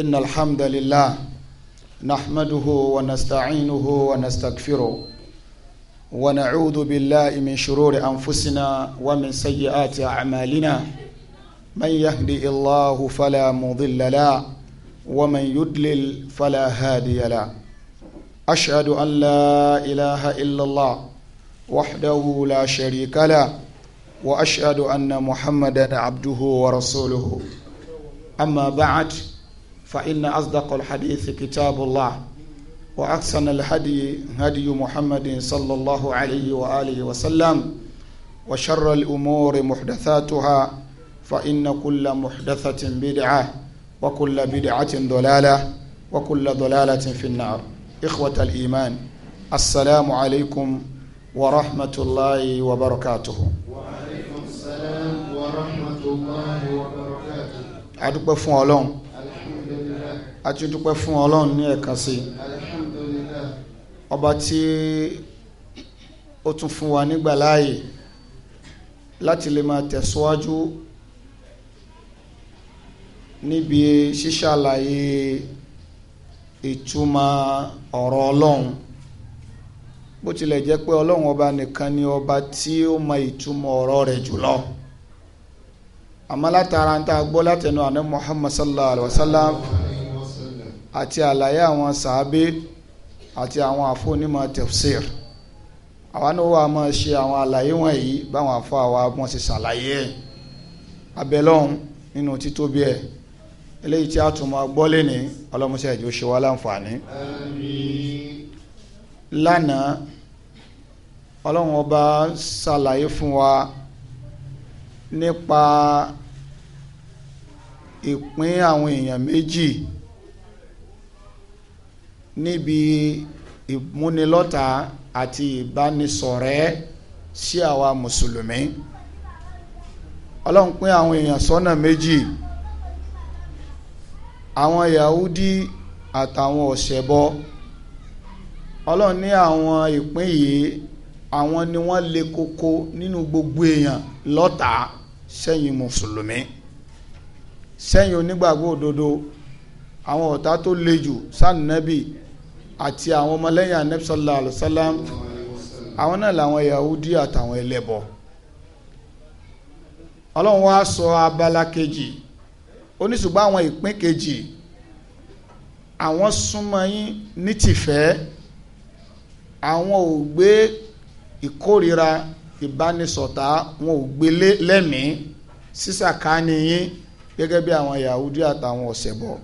إن الحمد لله نحمده ونستعينه ونستغفره ونعوذ بالله من شرور أنفسنا ومن سيئات أعمالنا من يهدي الله فلا مضل له ومن يدلل فلا هادي له أشهد أن لا إله إلا الله وحده لا شريك له وأشهد أن محمدا عبده ورسوله أما بعد فإن أصدق الحديث كتاب الله وأحسن الهدي هدي محمد صلى الله عليه وآله وسلم وشر الأمور محدثاتها فإن كل محدثة بدعة وكل بدعة ضلالة وكل ضلالة في النار إخوة الإيمان السلام عليكم ورحمة الله وبركاته وعليكم السلام ورحمة الله وبركاته أدوك فون a ti dúpẹ́ fún ọlọ́run ní ẹ̀ka sí alhamdulillah ọba tí ó tún fún wa nígbà láàyè láti lè máa tẹ̀síwájú níbi ṣíṣàlàyé ìtumọ̀ ọ̀rọ̀ ọlọ́run bó tilẹ̀ jẹ́ pé ọlọ́run ọba nìkan ni ọba tí ó mọ ìtumọ̀ ọ̀rọ̀ rẹ̀ jùlọ àmọ́ látara ń tá a gbọ́ látẹnu àná Muhammad sallallahu alaihi wa sallam àti àlàyé àwọn sàábé àti àwọn àfọnímọ̀ tefsir àwa náà wà máa ṣe àwọn àlàyé wọ̀nyí báwọn afọ àwa wọn ti ṣàlàyé ẹ̀ abẹ́lọ́hún nínú títóbi ẹ̀ eléyìí tí a tún máa gbọ́ lẹ́ni ọlọ́mọṣẹ́ ìjọ ṣe wá láǹfààní. lánàá ọlọ́run ọba ṣàlàyé fún wa nípa ìpín àwọn èèyàn méjì níbi ìmúnilọ́ta àti ìbánisọ̀rẹ́ sí àwa mùsùlùmí ọlọ́run pín àwọn èèyàn sọ́nà méjì àwọn yahudi àtàwọn ọ̀ṣẹ̀bọ ọlọ́run ní àwọn ìpín yìí àwọn ni wọ́n le koko nínú gbogbo èèyàn lọ́ta sẹ́yìn mùsùlùmí sẹ́yìn onígbàgbọ́ òdodo àwọn ọ̀tá tó le jù sànàbì àti àwọn ọmọlẹ́yìn anabi sallallahu alayhi wa àwọn náà làwọn yahudi àtàwọn ẹlẹ́bọ ọlọ́run wá sọ abala kejì ó ní ṣùgbọ́n àwọn ìpín kejì àwọn súnmọ́ yín ní tìfẹ́ àwọn ò gbé ìkórira ìbánisọ̀tá wọn ò gbé lẹ́mìí sísàkánì gẹ́gẹ́ bí àwọn yahudi àtàwọn ọ̀sẹ̀ bọ̀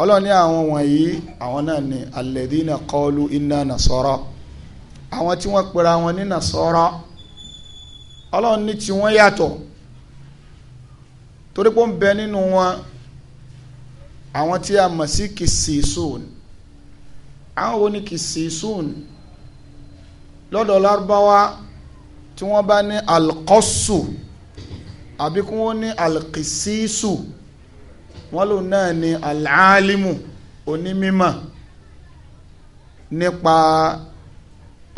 ọlọ́run ní àwọn wọ̀nyí àwọn náà ní alẹ́dínà kọlu iná nàṣọ́rọ́ àwọn tí wọ́n pera wọn ní nàṣọ́rọ́ ọlọ́run ní tí wọ́n yàtọ̀ torí pé ó ń bẹ nínú wọn àwọn tí a mọ̀ sí kìsìsùn àwọn wo ni kìsìsùn lọ́dọ̀ lárúbáwá tí wọ́n bá ní alkọ́sù àbí kí wọ́n ní alkìsìsù wọ́n lòun náà ni alalimu onímímọ̀ nípa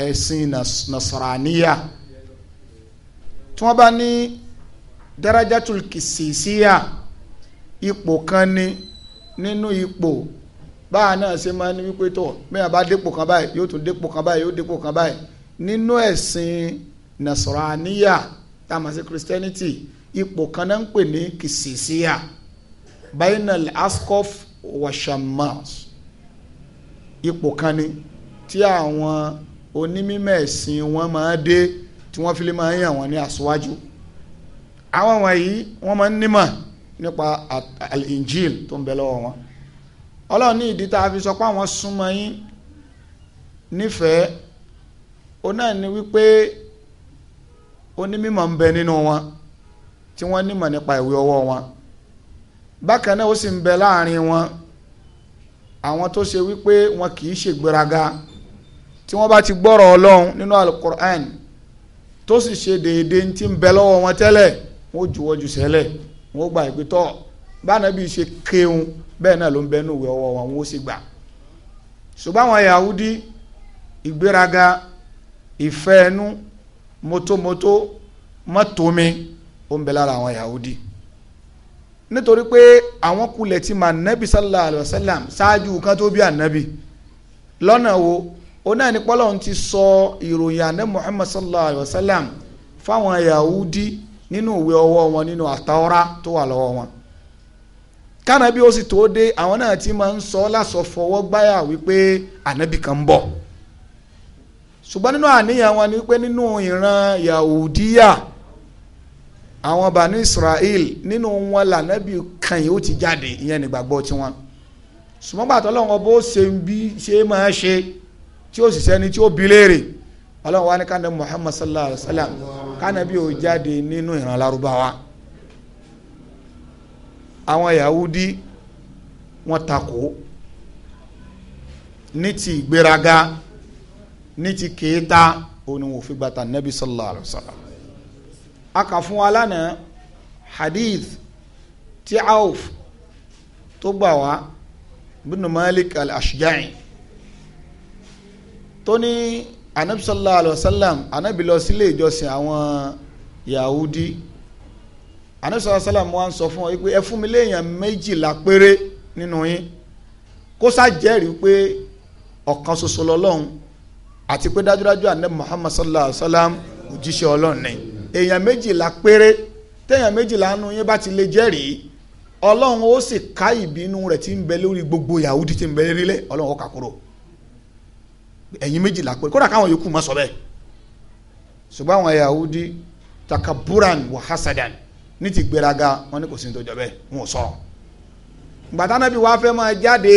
ẹ̀sìn nasaraniya tí wọ́n bá ní darajatul kìsìsíyà ipò kan ni nínú ipò báà náà ṣe máa ní wípé tó bẹ́ẹ̀ bá dépò kan báyìí yóò tún dépò kan báyìí yóò dépò kan báyìí nínú ẹ̀sìn nasaraniya tá a mọ̀ sí christianity ipò kan náà ń pè ní kìsìsíyà bainal askof washamas ipò kan ni tí àwọn onímọ̀ ẹ̀sìn wọn máa dé tí wọ́n fi lè máa yàn wọ́n ní aṣáájú àwọn wọ̀nyí wọ́n máa ń nímọ̀ nípa al-injil tó ń bẹ lọ́wọ́ wọn ọlọ́run ní ìdí tá a fi sọ pé àwọn súnmọ́ yín nífẹ̀ẹ́ ó náà ni wípé onímọ̀ ń bẹ nínú wọn tí wọ́n nímọ̀ nípa ìwé ọwọ́ wọn bákan náà ó sì ń bẹ láàrin wọn àwọn tó ṣe wípé wọn kì í ṣègbéraga tí wọ́n bá ti gbọ́rọ̀ ọlọ́run nínú alukur'an tó sì ṣe déédéé tí ń bẹ lọ́wọ́ wọn tẹ́lẹ̀ wọ́n juwọ́ ju sẹ́lẹ̀ wọ́n gba ìpìtọ́ bánabi ṣe kéwọn bẹ́ẹ̀ náà ló ń bẹnu ìwé ọwọ́ wọn wọ́n sì gbà ṣùgbọ́n àwọn yahudi ìgbéraga ìfẹ́ ẹnu mọ́tòmọ́tò mọ́tòmi ó ń bẹ lára àwọn yahudi nítorí pé àwọn kulẹ̀ ti mà nẹ́bí sallallahu alayhi wa sallam ṣáájú kan tó bí ànábì lọ́nà wo oná ní pọ́lọ́hún ti sọ ìròyìn àná Muhammad sallallahu alayhi wa sallam fáwọn Yahudi nínú ìwé ọwọ́ wọn nínú àtàwọ́rá tó wà lọ́wọ́ wọn kánábí ó sì tó dé àwọn náà ti máa ń sọ lásọ fọwọ́ gbáyà wípé ànábì kan ń bọ̀ ṣùgbọ́n nínú àníyàn wọn ni wípé nínú ìran Yahudiya. No àwọn bani Israel nínú wọn lànàbí kan yìí ó ti jáde ìyẹn nígbàgbọ́ tiwọn sùmọ́gbà tọ́lọ́wọ́n bó ṣe ń bí ṣe máa ṣe tí ó sì sẹ́ni tí ó bi léèrè ọlọ́run wa ní kánà Muhammad sallallahu alayhi wa sallam kánà bí ó jáde nínú ìran Lárúbáwá àwọn Yahudi wọ́n takò ní ti ìgbéraga ní ti kéétà òun ni wọ́n fi gbàtà nẹ́bí sallallahu alayhi wa sallam a kà fún wa lánàá hadith tí Auf tó gbà wá bin Malik al-Ashja'i tó ní anabi sallallahu alayhi wa sallam anabi lọ sílé ìjọsìn àwọn Yahudi anabi sallallahu alayhi wa sallam wa ń sọ fún ọ pé ẹ fún mi léèyàn méjìlá péré nínú yín kó sá pé ọ̀kan ṣoṣo lọ́lọ́run àti pé dájúdájú anabi Muhammad sallallahu alayhi wa sallam òjíṣẹ́ Ọlọ́run ni. èèyàn méjìlá péré téèyàn méjìlá nu yín bá ti lè jẹ́rìí ọlọ́run ó sì ká ìbínú rẹ̀ tí ń bẹ lórí gbogbo Yahudi ti ń bẹ lérílẹ̀ ọlọ́run ó kà kúrò ẹ̀yin méjìlá péré kódà káwọn yòókù sọ bẹ́ẹ̀ ṣùgbọ́n àwọn Yahudi takaburan wa hasadan ní ti gbéraga wọn kò sí sọ̀rọ̀ gbàtà náà bí jáde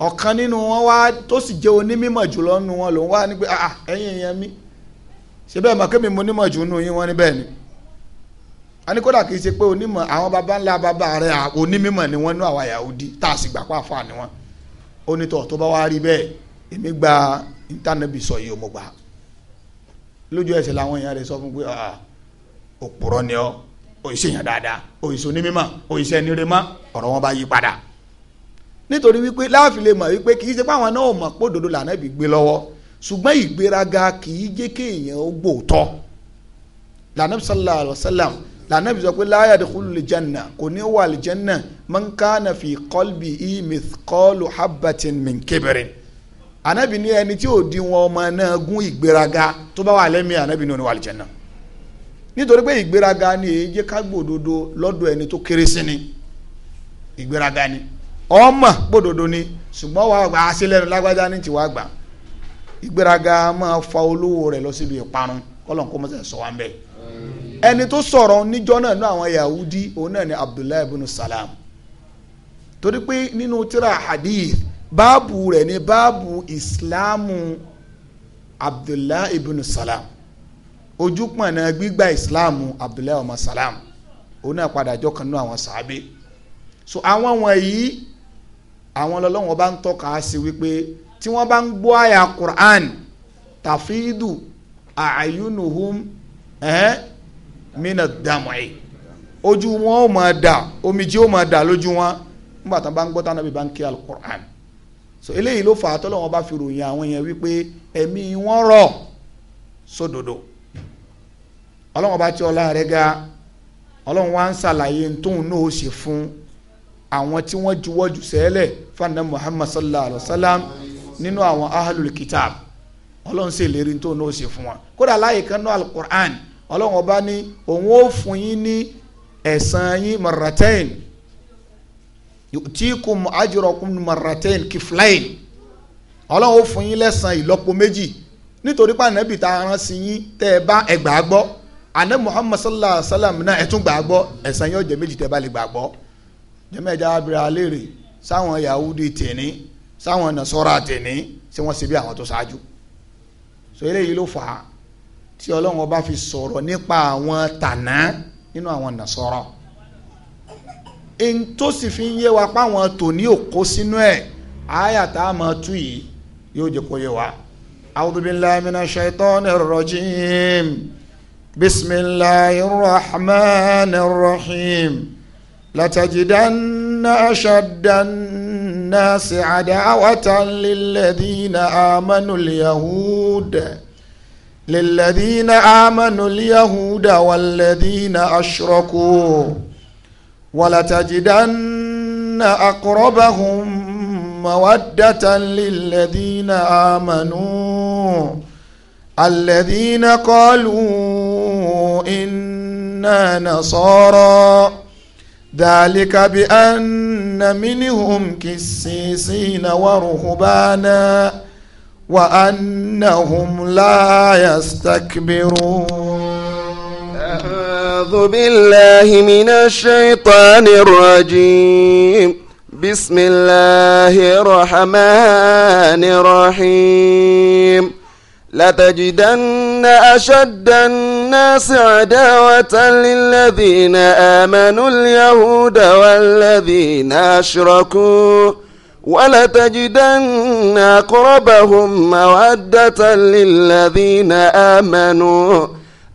ọ̀kan nínú wọn wá tó ṣe bẹ́ẹ̀ mọ̀ kémi mo nímọ̀ jù nù yín wọ́n ní bẹ́ẹ̀ ni a ní kódà kì í ṣe pé onímọ̀ àwọn baba ńlá baba rẹ̀ onímọ̀ ni wọ́n nú àwa Yahudi tá a sì gbà pa àfa ni wọ́n onítọ̀ tó bá wá rí bẹ́ẹ̀ èmi gba intanẹ́bì sọ yìí mo gbà lójú ẹsẹ̀ làwọn èèyàn rẹ̀ sọ fún pé òpùrọ̀ ni ọ́ òyìṣẹ́ yẹn dáadáa òyìṣẹ́ onímọ̀ òyìṣẹ́ níremọ́ ọ̀rọ̀ wọn bá yí padà nítorí wípé láàfin lè mọ̀ wípé kì í ṣe pé àwọn náà mọ̀ pé òdodo gbé lọ́wọ́ ṣùgbọ́n ìgbéraga kì í jẹ́ kéèyàn ó gbòòtọ́ lànà sallallahu alayhi wa sallam lànà sọ pé la yadkhulul janna kò ní wà lè janna man kana fi qalbihi mithqalu habbatin min kibrin anabi ni ẹni tí ò di wọn ọmọ náà gún ìgbéraga tó bá wà lẹ́mìí anabi ni ò ní wà lè janna nítorí pé ìgbéraga ni èyí jẹ́ ká gbòdodo lọ́dọ̀ ẹni tó kéré sí ni ìgbéraga ni ọmọ gbòdodo ni ṣùgbọ́n wàá gbà á sílẹ̀ lágbájá ní tiwa gbà á ìgbéraga máa fa olówó rẹ̀ lọ síbi ìparun kọ́lọ́n kó mọ́sẹ̀ sọ wá ń bẹ̀. ẹni tó sọ̀rọ̀ níjọ́ náà ní àwọn yahudi òun náà ni abdullahi ibn salam torí pé nínú tíra hadith báàbù rẹ̀ ni báàbù ìsìláàmù abdullahi ibn salam ojúpọ̀nà gbígbà ìsìláàmù abdullahi ọmọ salam òun náà padà jọ kan nínú àwọn sàábé so àwọn wọ̀nyí àwọn lọ́lọ́wọ́n bá ń tọ́ka sí wípé tí wọ́n bá ń gbọ́ àyà Qur'an tàfídù àyùnùhùn ẹ̀ẹ́ eh, mina dàmùí ojú wọn ò máa dà omijì ò máa dà lójú wọn nígbà tó bá ń gbọ́ tánà bí bá ń kí al-Qur'an so eléyìí ló fà á tọ́lọ́ wọn bá fi ròyìn àwọn yẹn wípé ẹ̀mí wọn rọ̀ sódodo ọlọ́wọ́n bá tí ọlá rẹ̀ ga ọlọ́run wa ń ṣàlàyé tóun náà ṣe fún àwọn tí wọ́n juwọ́ jù sẹ́lẹ̀ fana muhammad sallallahu alayhi wa sallam nínú àwọn ahlul kitab ọlọ́run sì lérí tó náà ṣe fún wa kódà láyé kan náà alukur'an ọlọ́run ọba ní òun ó fún yín ní ẹ̀san yín marratain yu'tikum ajrakum marratain kiflain ọlọ́run ó fún yín lẹ́san ìlọ́po méjì nítorí pé ànábì tá a sí yín tẹ́ ẹ bá ẹgbàá gbọ́ àná muhammad sallallahu alayhi wa sallam náà ẹ tún gbàá gbọ́ ẹ̀san yín ó jẹ́ méjì tẹ́ ẹ bá lè gbàá gbọ́ jẹ́mẹ̀ẹ́dá abirà léèrè sáwọn yahudi tèní sáwọn nasọ́ra àtẹ̀ní ṣé wọ́n ṣe bí àwọn tó ṣáájú so eléyìí ló fà á tí ọlọ́run ọba fi sọ̀rọ̀ nípa àwọn tànà nínú àwọn nasọ́ra n tó sì fi ń yé wa páwọn tòní òkó sínú ẹ àyà tá a máa tú yìí yóò jẹ kó yé wa. a'udhu billahi minash shaitonir rajim bismillahir الناس عداوة للذين آمنوا اليهود للذين آمنوا اليهود والذين أشركوا ولتجدن أقربهم مودة للذين آمنوا الذين قالوا إنا نصارى ذلك بأن منهم كسيسين ورهبانا وأنهم لا يستكبرون أعوذ بالله من الشيطان الرجيم بسم الله الرحمن الرحيم لتجدن أشد الناس الناس عداوة للذين آمنوا اليهود والذين أشركوا ولتجدن أقربهم مودة للذين آمنوا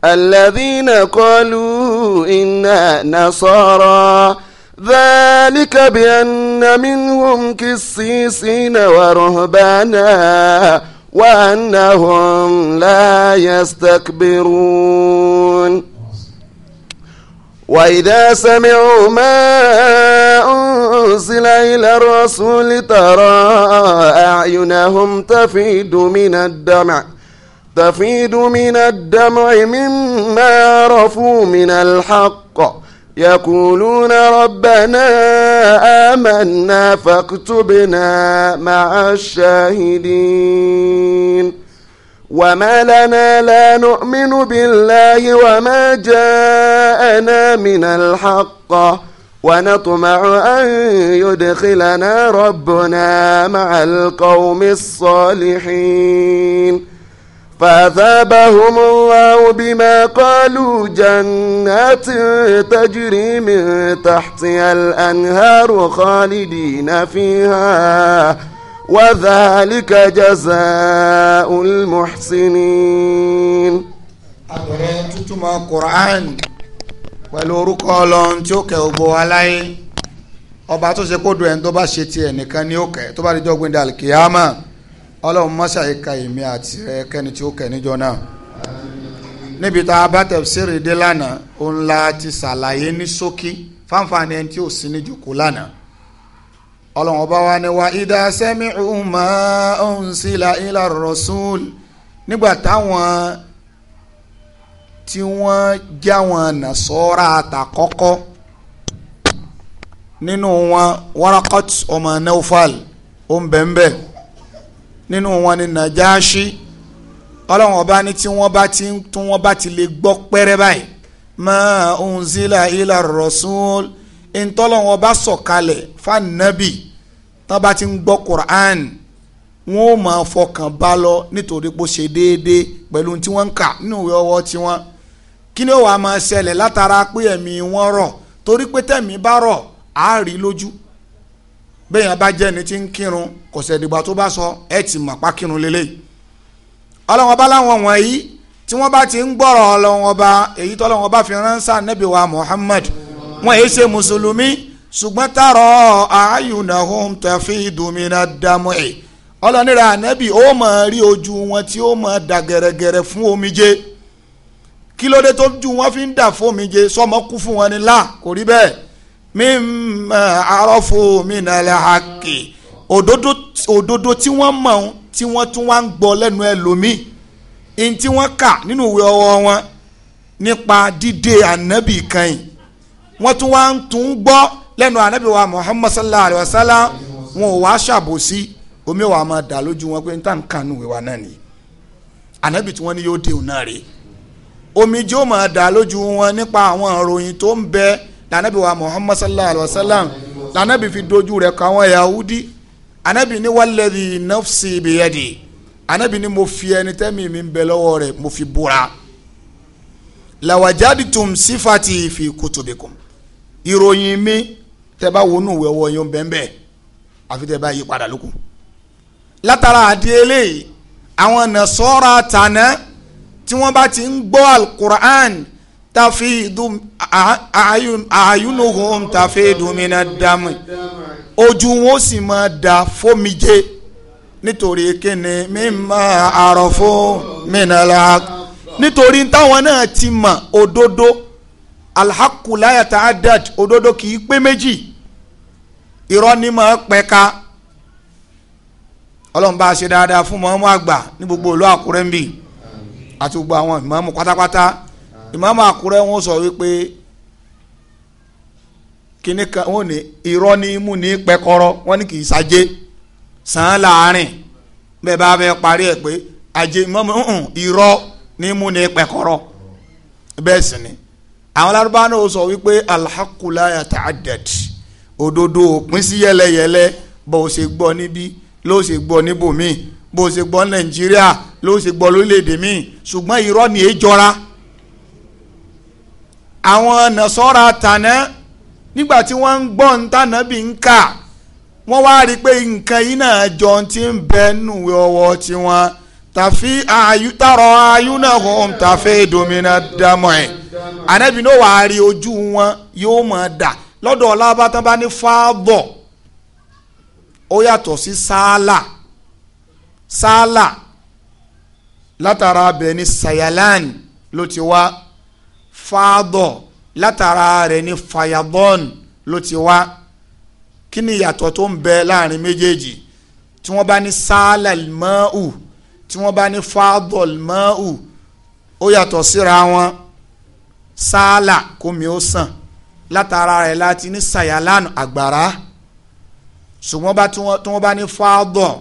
الذين قالوا إنا نصارى ذلك بأن منهم كسيسين ورهبانا وأنهم لا يستكبرون وإذا سمعوا ما أنزل إلى الرسول ترى أعينهم تفيد من الدمع تفيد من الدمع مما عرفوا من الحق يقولون ربنا آمنا فاكتبنا مع الشاهدين وما لنا لا نؤمن بالله وما جاءنا من الحق ونطمع أن يدخلنا ربنا مع القوم الصالحين فأثابهم الله بما قالوا جنات تجري من تحتها الأنهار خالدين فيها وذلك جزاء المحسنين àbẹ̀rẹ̀ tútùmọ̀ quran pẹ̀lú orúkọ ọlọ́run tí ó kẹ́ ògbó aláyé ọba tó ṣe kó do ẹni tó bá ṣe tiẹ̀ nìkan ní òkè tó bá di jọ́gbìn dàlùkìyàmọ́ ọlọ́run mọ́sá ìka èmi àti rẹ kẹ́ni tí ó kẹ́ níjọ náà níbi tá a bá tẹ̀síìrì dé lánàá òun la ti ṣàlàyé ní ṣókí fáǹfààní ẹni tí ò sí ní jòkó lánàá ọlọ́run ọba wa ni wa idha sami'u ma unsila ila rasul nígbà táwọn tí wọ́n já nàṣọ́ra àtàkọ́kọ́ nínú wọn Waraqat ọmọ Naufal ó ń bẹ́ẹ̀ bẹ́ẹ̀ nínú wọn ni Najashi ọlọ́run ọba ní tí wọ́n bá ti tún wọ́n bá ti lè gbọ́ pẹ́rẹ́ báyìí ma unzila ila rasul ntọ́lọ́run ọba sọ̀kalẹ̀ fanabi tán bá ti ń gbọ́ Qur'an wọn ò máa fọkàn bá lọ nítorí pé ó ṣe déédéé pẹ̀lú tí wọ́n ń kà nínú ìwé ọwọ́ tiwọn kí ni ó wàá máa ṣẹlẹ̀ látara pé ẹ̀mí wọn rọ̀ torí pé tẹ̀mí bá rọ̀ àárí lójú bẹ́ẹ̀ yẹn bá jẹ́ ẹni tí ń kírun kò sẹ́dìgbà tó bá sọ ẹ ti mọ̀ pa kírun lélẹ́yìí ọlọ́wọ́n bá láwọn wọ̀nyí tí wọ́n bá ti ń gbọ́rọ̀ ọlọ́wọ́n bá èyí tó ọlọ́wọ́n bá fi ránṣẹ́ nẹ́bí wa Muhammad wọ́n èyí ṣe mùsùlùmí ṣùgbọ́n tààrọ̀ ayùnàhùn tẹ̀fí ìdùnmínà dàmú ẹ̀ ọlọ́nira ànẹ́bí ó mọ̀ rí ojú wọn tí ó mọ̀ dà gẹ̀rẹ́gẹ̀rẹ́ fún omijé kí ló dé tó ju wọn fi ń dà fún omijé sọmọ kú fún wọn ni là kò rí bẹ́ẹ̀ mímọ àròfò mínàlẹ àkè òdodo òdodo tí wọ́n mọ̀ tí wọ́n tún wá ń gbọ́ lẹ́nu ẹlòmíì ní tí wọ́n kà nínú ìwé ọwọ́ wọn nípa dídé ànábì kan wọ́n tún wá ń tún gbọ́ lẹ́nu ànábì wa Muhammad sallallahu alayhi wa sallam wọn ò wá ṣàbòsí omi wa máa dà lójú wọn pé níta nǹkan nù wíwá náà ni ànábì tí wọ́n ní yóò dé òun náà rè omijé ó máa dà lójú wọn nípa àwọn ìròyìn tó ń bẹ lànàbí wa muhammad sallallahu alayhi wa sallam lànàbí fi dojú rẹ̀ kọ àwọn yahudi ànàbí ni walladhi nafsi biyadi ànàbí ni mo fi ẹni tẹ́mi mi ń bẹ lọ́wọ́ rẹ̀ mo fi búra lawajaditum sifati fi kutubikum ìròyìn mi tẹ́ bá wọnú wẹ̀wọ̀ yóò bẹ́ẹ̀ àfi tẹ́ yí padà lókun látara àdé àwọn nasọ́ra tàná tí wọ́n bá ti ń gbọ́ alukur'an tafidu ayunuhum tafidu mina dami ojú wọn ó sì máa da fomije nítorí kíni mímọ àròfó mìnàlá nítorí táwọn náà ti mọ òdodo alhakulayata adad òdodo kì í pé méjì irọ́ ni máa pẹ̀ka ọlọ́run bá a ṣe dáadáa fún mọ́mọ́ àgbà ní gbogbo ìlú àkúrẹ́ ń bì àti gbogbo àwọn ìmọ̀ọ́mù pátápátá ìmáàmù àkúrẹ́ wọn sọ wípé kíní kan wọn ní irọ́ ní imú ní pẹ́kọ́rọ́ wọn ní kì í sajé sàn án láàárín bẹ́ẹ̀ bá fẹ́ parí ẹ̀ pé ajé ìmáàmù irọ́ ní imú ní pẹ́kọ́rọ́ bẹ́ẹ̀ sì ni àwọn alárúbá náà sọ wípé alhakula yata'addad òdodo òpin sí yẹlẹyẹlẹ bó o ṣe gbọ́ níbí ló ṣe gbọ́ níbòmíì bó o ṣe gbọ́ nàìjíríà ló ṣe gbọ́ lórílẹ̀‐èdè míì ṣùgbọ́n irọ́ ni èé jọra àwọn nàṣọ́ra tàná nígbà tí wọ́n ń gbọ́ ń tàná bí ń kà wọ́n wá rí i pé nǹkan yìí náà jọ ti ń bẹ nùwé ọwọ́ tiwọn tàfi ààyù tààrọ ààyù náà hàn tàfẹ́ domina dámọ̀ ẹ̀ ànábì náà wàá rí ojú wọn yóò mọ̀ dà lọ́dọ̀ ọlábàtàn bá ní fáàbọ̀ ó yàtọ̀ sí sáálà sáálà látara abẹ ní sayalan ló ti wá fáadọ̀ látara rẹ̀ ní fayabọ́n ló ti wá kí ni ìyàtọ̀ tó ń bẹ láàrin méjèèjì tí wọ́n bá ní sáálà mọ́ù tí wọ́n bá ní fáadọ̀ mọ́ù ó yàtọ̀ síra wọn sáálà kómi ó sàn látara rẹ̀ láti ní sàyálàn àgbàrá ṣùgbọ́n bá tí wọ́n bá ní fáadọ̀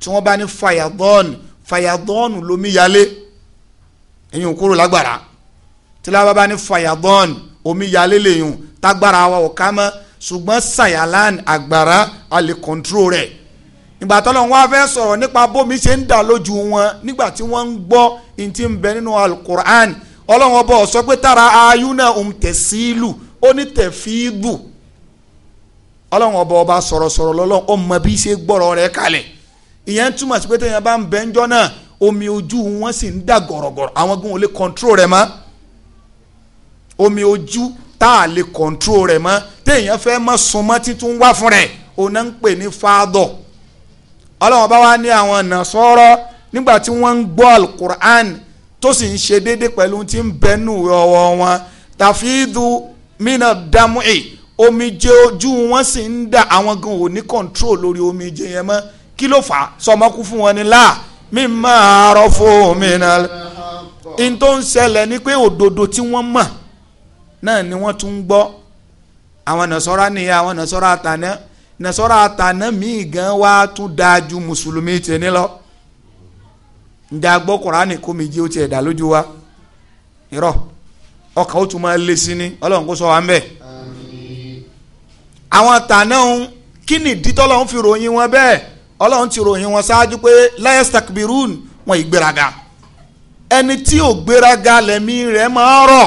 tí wọ́n bá ní fayadọ́n fayadọ́n lomi yálé ẹ̀yin ò kúrò lágbàrá tí lábá bá ní fayadọ́n omi yalé lèyùn tágbára wa ò ká ṣùgbọ́n sayalan agbara a lè kọ́ńtró rẹ̀ ìgbà tọ́lọ̀ wọn fẹ́ sọ̀rọ̀ nípa bómi ṣe ń dà lójú wọn nígbà tí wọ́n ń gbọ́ ní ti ń bẹ nínú alukur'an ọlọ́wọ́n bọ̀ sọ pé tara ayúnà òun um tẹ̀sílù ó ní tẹ̀fíìdù ọlọ́wọ́n ọba ọba sọ̀rọ̀sọ̀rọ̀ lọ́lọ́ ó mọ bí ṣe gbọ́rọ̀ rẹ̀ kalẹ̀ ìyẹn túmọ̀ sí pé tẹ̀yìn bá ń bẹ́ńjọ́ náà omi ojú wọn sì ń dà gọ̀rọ̀gọ̀rọ̀ àwọn gbọ́n ò lè kọ́ńtró rẹ̀ mọ́ omi ojú tá a lè kọ̀ǹtró rẹ̀ mọ́ téèyàn fẹ́ mọ́ súnmọ́ títún wá fún rẹ̀ òun náà ń pè ní fàdọ ọlọ́wọ́n bá wá ní àwọn ọ̀nà sọ́rọ́ nígbà tí wọ́n ń gbọ́ alukur'an tó sì ń ṣe déédéé pẹ̀lú tí ń bẹnu ọwọ́ wọn tàfíìdù mínà dámúì omijé ojú wọn sì ń dà àwọn gan ò ní kọ̀ǹtró lórí omijé yẹn mọ kí ló fà á sọmọkú fún wọn ni láà mi máa rọ fún mi náà n tó ń ṣẹlẹ̀ ni pé òdodo tí wọ́n mọ̀ náà ni wọ́n tún ń gbọ́ àwọn nàṣọ́ra nìyà àwọn nàṣọ́ra àtàná nàṣọ́ra àtàná míì gan wá tún dáa ju mùsùlùmí tẹ̀lé lọ ǹjẹ́ agbọ́ kó mi jí ó tiẹ̀ dà lójú wa irọ́ ọkàn ó tún máa lé sí ni ọlọ́run kó sọ wa ń bẹ̀. àwọn àtàná ń kí ni ìdítọ́ lọ́hún fi ròyìn wọn bẹ́ẹ̀ ọlọ́run ti ròyìn wọn ṣáájú pé wọn ẹni tí ò gbéraga rẹ̀ máa rọ̀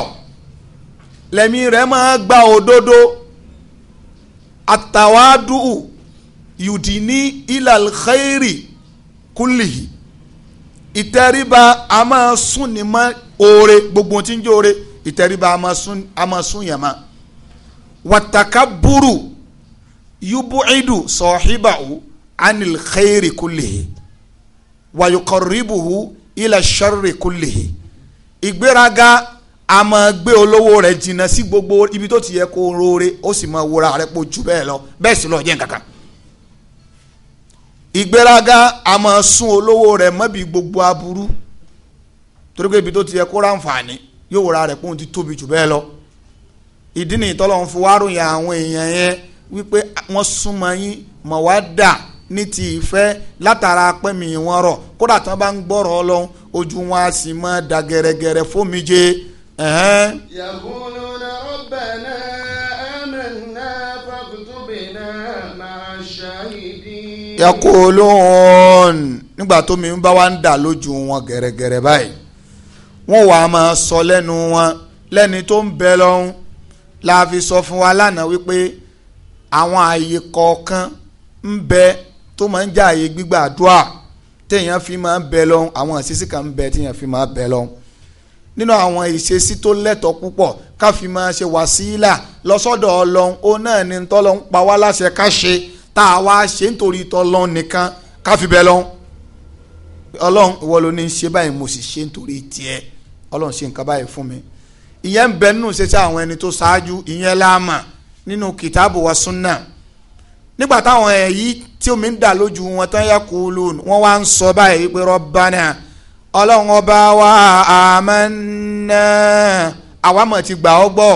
lẹ́mí rẹ̀ máa gba òdodo àtàwádùú yùdíní ilal khairi kúlìhì ìtẹríba a máa sún ni mọ́ oore gbogbo tí ń jẹ́ oore ìtẹríba a máa sún yẹn mọ́ wàtàkàbúrú yubuidu sọ̀híbàwù anil khairi kúlìhì wàyùkọ̀rìbùhù ilal sharri kúlìhì ìgbéraga a máa gbé olówó rẹ jìnnà sí gbogbo ibi tó ti yẹ kó roore ó sì máa wúra rẹ̀ pọ̀ jù bẹ́ẹ̀ lọ bẹ́ẹ̀ sì lọ jẹ́ ìgbéraga a máa sún olówó rẹ mọ́bi gbogbo aburú torí ibi tó ti yẹ kó yóò wúra rẹ̀ pọ̀ ti tóbi jù bẹ́ẹ̀ lọ ìdí ni ń fún àwọn èèyàn yẹn wípé wọ́n súnmọ́ yín mọ̀ wá dà ní ti ìfẹ́ látara wọn rọ̀ يقولون ربنا آمنا nígbà tó mi bá wá ń dà lójú wọn gẹ̀rẹ́gẹ̀rẹ́ báyìí wọ́n wàá máa sọ lẹ́nu wọn lẹ́ni tó ń bẹ lọ́hún sọ fún wa lánàá wípé àwọn ààyè kọ̀ọ̀kan ń bẹ tó máa ń jẹ́ ààyè téèyàn fi máa ń bẹ lọ́hún kan ń bẹ téèyàn fi máa nínú àwọn ìṣesí tó lẹ́tọ̀ọ́ púpọ̀ ká fi máa ṣe wàsílà lọ́sọ́dọ̀ ọlọ́run ó náà ní tọ́lọ́ ń pa wá láṣẹ ká ṣe tá a wá ṣe nítorí tọ́lọ́ nìkan ká fi bẹ́ẹ̀ lọ́hún ọlọ́run ìwọ ló ní ṣe báyìí mo sì ṣe nítorí tiẹ̀ ọlọ́run ṣe nǹkan báyìí fún mi ìyẹn ń bẹ nínú ṣẹṣẹ àwọn ẹni tó ṣáájú ìyẹn láàmà nínú kìtàbù wa súnà nígbà táwọn èyí tí omi ń dà lójú wọn tán yà kúlù wọn wá ń sọ báyìí pé rọ́bánà ọlọ́run ọba wa àmánà àwa mọ̀ ti gbà ọ́ gbọ́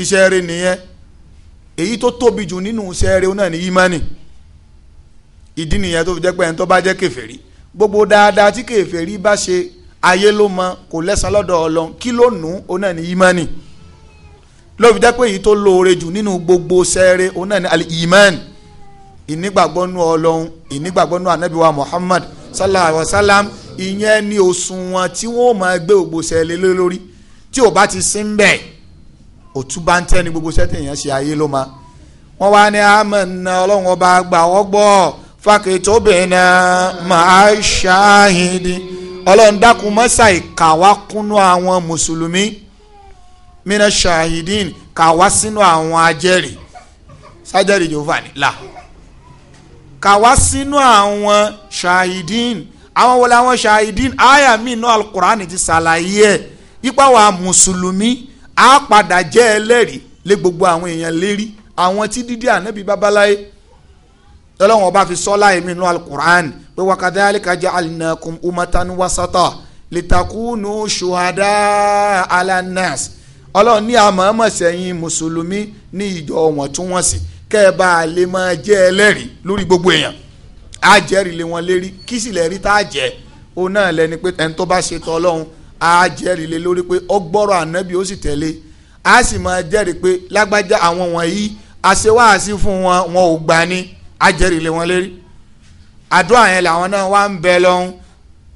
iṣẹ́ rẹ nìyẹn èyí tó tóbi jù nínú iṣẹ́ rẹ náà ní ìmánì ìdí nìyẹn tó fi jẹ́ pé ẹni tó bá jẹ́ kèfèrí gbogbo dáadáa tí kèfèrí bá ṣe ayé ló mọ kò lẹ́san lọ́dọ̀ ọlọ́run kí ló nù ó náà ní ìmánì ló fi jẹ́ pé èyí tó lóore jù nínú gbogbo iṣẹ́ rẹ náà ní al-ìmánì ọlọ́run ìnígbàgbọ́nú anábìwá Muhammad sallallahu alayhi wa sallam ìyẹn ni òṣùwọ̀n tí wọ́n máa gbé gbogbo sẹ́lẹ̀ lé lórí tí ò bá ti sí ń bẹ̀ òtún bá ń tẹ́ ni gbogbo sẹ́tẹ̀ yẹn ṣe ayé ló ma wọ́n wá ní amẹ́nà ọlọ́run ọba gbà wọ́n gbọ́ fàkìtòbìnà máa ṣáhìndì ọlọ́run dákun mọ́sà ìkàwá kúnú àwọn mùsùlùmí mina ṣáhìndì kàwá sínú àwọn ajẹ́rìí sájẹ́rìí jòvá là kà wá sínú àwọn ṣahidin àwọn wọlé àwọn ṣahidin àyà mi náà alukur'an ti ṣàlàyé ẹ̀ ipa wa mùsùlùmí á padà jẹ́ ẹlẹ́rìí lé gbogbo àwọn èèyàn lérí àwọn tí dídí ànábì babaláyé ọlọ́run ọba fi sọ láyé mi náà alukur'an pé wa kadhalika ja'alnakum umatan wasata litakunu shuhada ala ọlọ́run ní àmọ́ ọmọ sẹ́yìn mùsùlùmí ní ìjọ wọ̀ntúnwọ̀nsì kẹ́ẹ̀bà lè máa jẹ́ ẹlẹ́rìí lórí gbogbo èèyàn á jẹ́rìí lé wọn lérí kí sì lẹ́rí tá a jẹ́ òun náà lẹ́ni pé ẹni tó bá ṣe tọ́ ọlọ́run á jẹ́rìí lé lórí pé ó gbọ́rọ̀ ànábì ó sì tẹ̀lé á sì máa jẹ́rìí pé lágbájá àwọn wọ̀nyí àṣewáàsí fún wọn wọn ò gbà ní á jẹ́rìí lé wọn lérí àdúrà yẹn làwọn náà wá ń bẹ lọ́hún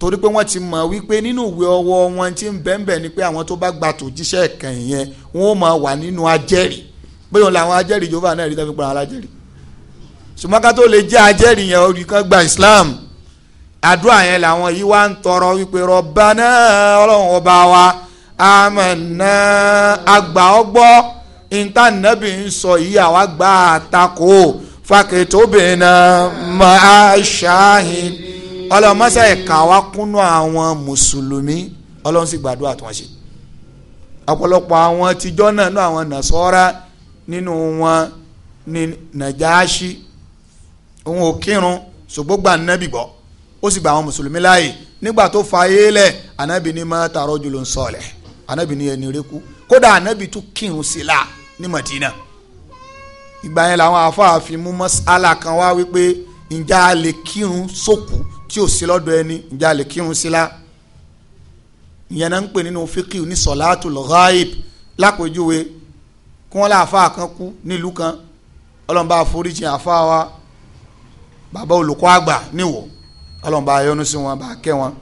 torí pé wọ́n ti mọ̀ wípé nínú ìwé ọwọ́ wọn ti ń bẹ́ńbẹ́ ni pé àwọn tó bá gbàtò jíṣẹ́ kàn yẹn wọ́n máa wà nínú ajẹ́rìí bóyá òun làwọn ajẹ́rìí Jèhófà náà rí tẹ́fí pọ́n alájẹ́rìí ṣùgbọ́n ká tó lè jẹ́ ajẹ́rìí yẹn orí kan gba Islam àdúrà yẹn làwọn yìí wá ń tọrọ wípé Rabbana ọlọ́run ọba wa àmánà àgbà ọgbọ́ ìntànàbì ń sọ yìí àwa gbà àtakò fàkètòbìnà máa ṣáàhìn ọlọmọṣẹ ẹka wa kúnnú àwọn mùsùlùmí Ọlọ́run sì gbàdúrà tó wọn ṣe ọ̀pọ̀lọpọ̀ àwọn tíjọ náà náà àwọn nàṣọra nínú wọn ni nàjáṣí òun ò kírun ṣùgbọ́n gba ànábì gbọ́ ó sì gba àwọn mùsùlùmí láàyè nígbà tó fa ayé lẹ̀ ànábì ní ma tarajulun salih ànábì ní ẹni rẹ́kú kódà ànábì tún kírun sí la ní Madina ìgbà yẹn làwọn afáàfin mú mọ́sálà kan wá wípé ǹjẹ́ a lè kírun sókù tí ò sí lọ́dọ̀ ẹni ǹjẹ́ a lè kírun sí la ìyẹn náà ń pè nínú fíkìú ní sọ̀láàtù lọ́gáìb lápèjúwe kí wọ́n lé àfa kan kú nílùú kan ọlọ́mọba àforíjì àfa wa bàbá olùkọ́ àgbà níwọ̀ ọlọ́mọba ayọ́nu sí wọn bá kẹ́ wọn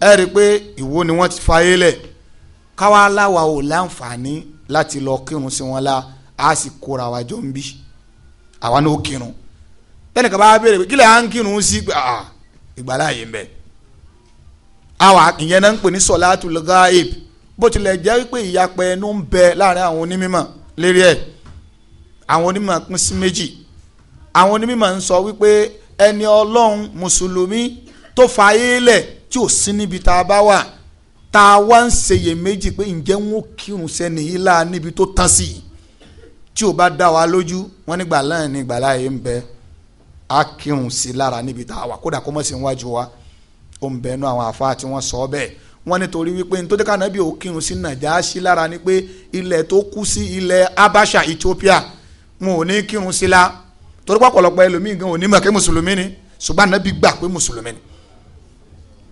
ẹ rí i pé ìwọ ni wọ́n ti fa ayé lẹ̀ káwa láwa ò láǹfààní láti lọ kírun sí wọn la a sì kóra wa jọ ń bí àwa náà ó kírun bẹ́ẹ̀ ni kaba béèrè pé kílẹ̀ à ń kírun sí ìgbàlá yìí ń àwa ìyẹn náà ń pè ní sọ̀látù lọ́gáìb bó tilẹ̀ jẹ́ pé ìyapẹ́ ẹnu ń bẹ láàrin àwọn onímọ̀ lérí ẹ̀ àwọn onímọ̀ pín sí méjì àwọn onímọ̀ ń sọ wípé ẹni ọlọ́run mùsùlùmí tó fa ayélẹ̀ tí ò sí níbi tá a bá wà tá a wá ń ṣeyèméjì pé ǹjẹ́ wọn ò kírun sẹ́ni yìí láà níbi tó tán sí i tí o bá dá wa lójú wọn nígbà láàyè ní láàyè ń bẹ á kírun sí lára níbi tá a wà kódà kó mọ̀ sí iwájú wa ó ń bẹ inú àwọn àfáà tí wọ́n sọ bẹ́ẹ̀ wọ́n nítorí wípé ní tó dé kànáà bí ò kírun sí lára ni pé ilẹ̀ tó kú sí ilẹ̀ Abasha Ethiopia wọn ò ní kírun sí la torí pọ̀pọ̀lọpọ̀ ẹlòmíì gan onímọ̀ kí mùsùlùmí ni ṣùgbọ́n ànábì gbà pé mùsùlùmí ni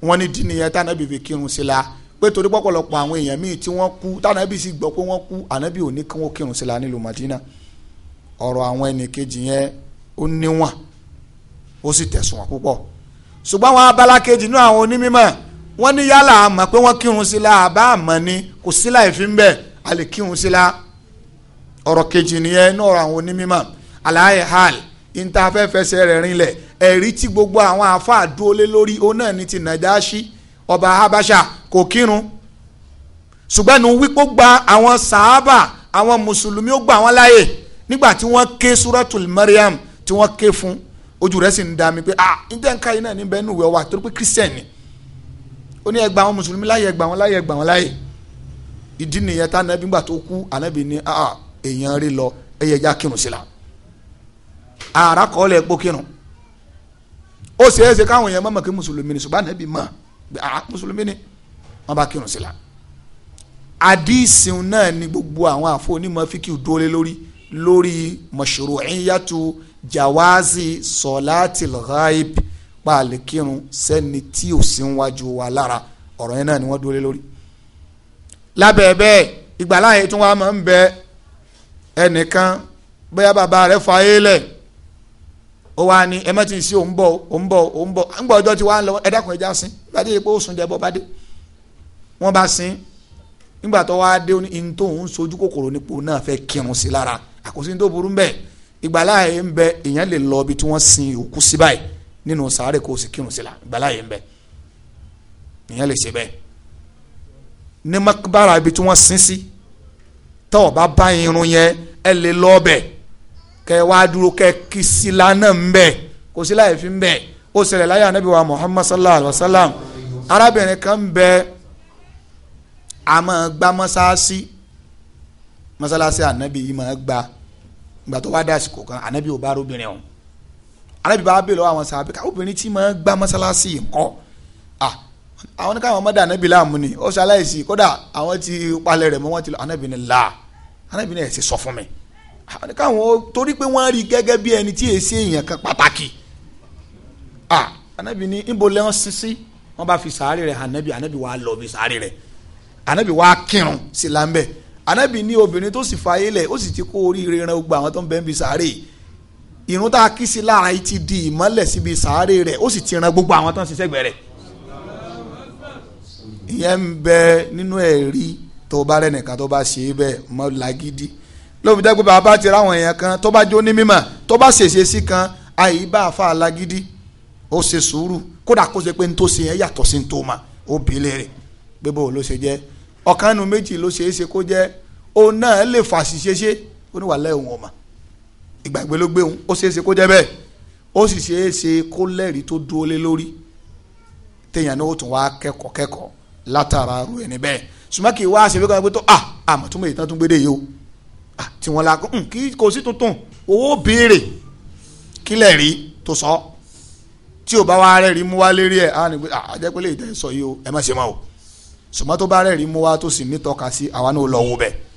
wọ́n ní dín nìyẹn tànábì fi kírun sí la pé torí pọ̀pọ̀lọpọ̀ àwọn èèyàn míì tí wọ́n kú tànábì sì gbọ́ pé wọ́n kú ànábì ò ní kí wọ́n kírun sí la nílùú Madina ọ̀rọ̀ àwọn ẹnì kejì yẹn ó níwọ̀n ó sì tẹ̀sùn wọn púpọ̀ ṣùgbọ́n àwọn abala kejì náà àwọn onímọ̀ wọ́n ní yálà àmọ́ pé wọ́n kírun sí la àbá àmọ́ ni kò sí láì fi ń bẹ̀ a lè kírun sí la ọ̀rọ̀ kejì nìyẹn inú ọ̀rọ̀ àwọn onímọ̀ aláyé hal níta fẹ́ fẹsẹ̀ rẹ̀ rinlẹ̀ ẹ̀rí tí gbogbo àwọn àáfàá dúólé lórí òun náà ní ti nàjáṣí ọba habasha kò kírun ṣùgbọ́n ní wípé gba àwọn sàábà àwọn mùsùlùmí ó gba àwọn láàyè nígbà tí wọ́n ké suratul Maryam tí wọ́n ké fún ojú rẹ̀ sì ń dá pé ah níta ń ká yín náà níbẹ̀ nùwẹ̀ wà torí pé kírísítẹ̀nì ó ní ẹgbàá àwọn mùsùlùmí láyè ẹgbàá wọn láyè ẹgbàá wọn láyè ìdí nìyẹn tá anabi gbà tó kú anabi ní a èèyàn rí lọ ẹyẹ ẹja kírun sí la ara kọ́ lẹ̀ pọ́ kírun ó ṣe é ṣe káwọn èèyàn mọ̀mọ́ kí mùsùlùmí ni ṣùgbọ́n anabi mọ̀ a mùsùlùmí ni wọ́n bá kírun sí la àdìsìn náà ni gbogbo àwọn àfọ onímọ̀ fíkì dúró lórí lórí mashru'iyatu jawazi solatil ghaib pa àlè kírun sẹ́ni tí ò sí níwájú wa lára ọ̀rọ̀ yẹn náà ni wọ́n dúró lé lórí. lábẹ́ bẹ́ẹ̀ ìgbàláyè tí wọ́n máa ń bẹ ẹnìkan bóyá bàbá rẹ̀ fa ayélẹ̀ ó wá ní ẹ mẹ́tì sí òun bọ̀ òun bọ̀ òun bọ̀ ń gbọ́ ọjọ́ tí wàá lọ ẹ dákun ẹja sin bàdé yìí pé ó sùn jẹ bọ́ bàdé wọ́n bá sin nígbà tó wàá dé ní tó ń sojú kòkòrò nípò náà fẹ́ kírun sí lára àkóso ní tó burú ń bẹ ìgbàláyè ń bẹ èèyàn lè lọ ibi tí wọ́n sin òkú sí báyìí nínú sàárè kó o sì kírun sí la gbàlá yìí ń bẹ ìyẹn lè ṣe bẹ́ẹ̀ ní makbara ibi tí wọ́n sin sí tọ́ ọ bá bá irun yẹn ẹ lè lọ ọbẹ̀ kẹ wá dúró kẹ kí sílá náà ń bẹ kò sílá yìí fi ń bẹ ó ṣẹlẹ̀ láyé anabi wa muhammad sallallahu alayhi wa sallam arábìnrin kan ń bẹ àmọ́ gbá mọ́sáàsì mọ́sálásí anabi yìí máa gba ìgbà tó wá dásìkò kan anabi ò bá arábìnrin ọ̀hún alábi bá bèèrè lọ́wọ́ àwọn sàbẹ̀ ká obìnrin tí máa ń gbá mọ́sálásí ńkọ́ àwọn ní káwọn mọ́dà anábì láàmú ni ó ṣaláìsí kódà àwọn ti palẹ̀ rẹ̀ mọ́ wọ́n ti lọ anábì ni là anábì ni ẹ̀ sì sọ fún mi àwọn ní káwọn torí pé wọ́n rí gẹ́gẹ́ bí ẹni tí èsì èèyàn kan pàtàkì anábì ni ńbo lẹ́wọ̀n sísí wọ́n bá fi sàárè rẹ̀ anábì anábì wàá lọ bí sàárè rẹ̀ anábì wàá kírun sí lambẹ́ anábì ni obìnrin tó sì fa ayé lẹ̀ ó sì ti kó oríire ran gbogbo àwọn tó ń bẹ́ẹ̀ bí sàárè yìí irun tá a kí sí lára yìí ti di ìmọ́lẹ̀ síbi sàárè rẹ̀ ó sì ti ran gbogbo àwọn tó ń ṣiṣẹ́ gbẹ rẹ̀. ìyẹn ń bẹ nínú ẹ̀rí tó bá rẹ̀ nìkan tó bá ṣe é bẹ́ẹ̀ mọ́ làgídí lóbi dẹ́gbẹ́ bàbá ti ráwọn èèyàn kan tó bá jó ní mímọ̀ tó bá ṣèṣe sí kan àyè bá a fa làgídí ó ṣe sùúrù kódà kó ṣe pé ní tó ṣe yẹn yàtọ̀ sí ní tó mà ó bí léèrè pé bó ló ṣe jẹ́ ọ̀kanu méjì ló ṣe é ṣe kó jẹ́ òun náà lè fàṣìṣe ṣe ó ní wàhálà òun ọ̀mà ìgbàgbé ló gbé òun ó ṣeé ṣe kó jẹ́ bẹ́ẹ̀ ó sì ṣeé ṣe kó lẹ́rìí tó dúró lé lórí téèyàn náà ó tún wá kẹ́kọ̀ọ́ kẹ́kọ̀ọ́ látara ru ẹni bẹ́ẹ̀ ṣùgbọ́n kì í wá ṣe wípé kan pé tó ah àmọ́ tó mọ èyí tán tún gbédè yìí o tí wọ́n la kí hmm, kò sí tuntun owó béèrè kílẹ̀ rí tó sọ tí ò bá wá rẹ́rìí mú wá lérí ẹ̀ á ní pé àjẹ́ pé lè tẹ̀ sọ yìí o ẹ má ṣe mọ́ o ṣùgbọ́n tó bá rẹ́rìí mú wá tó sì nítọ́ka sí àwa náà lọ bẹ́ẹ̀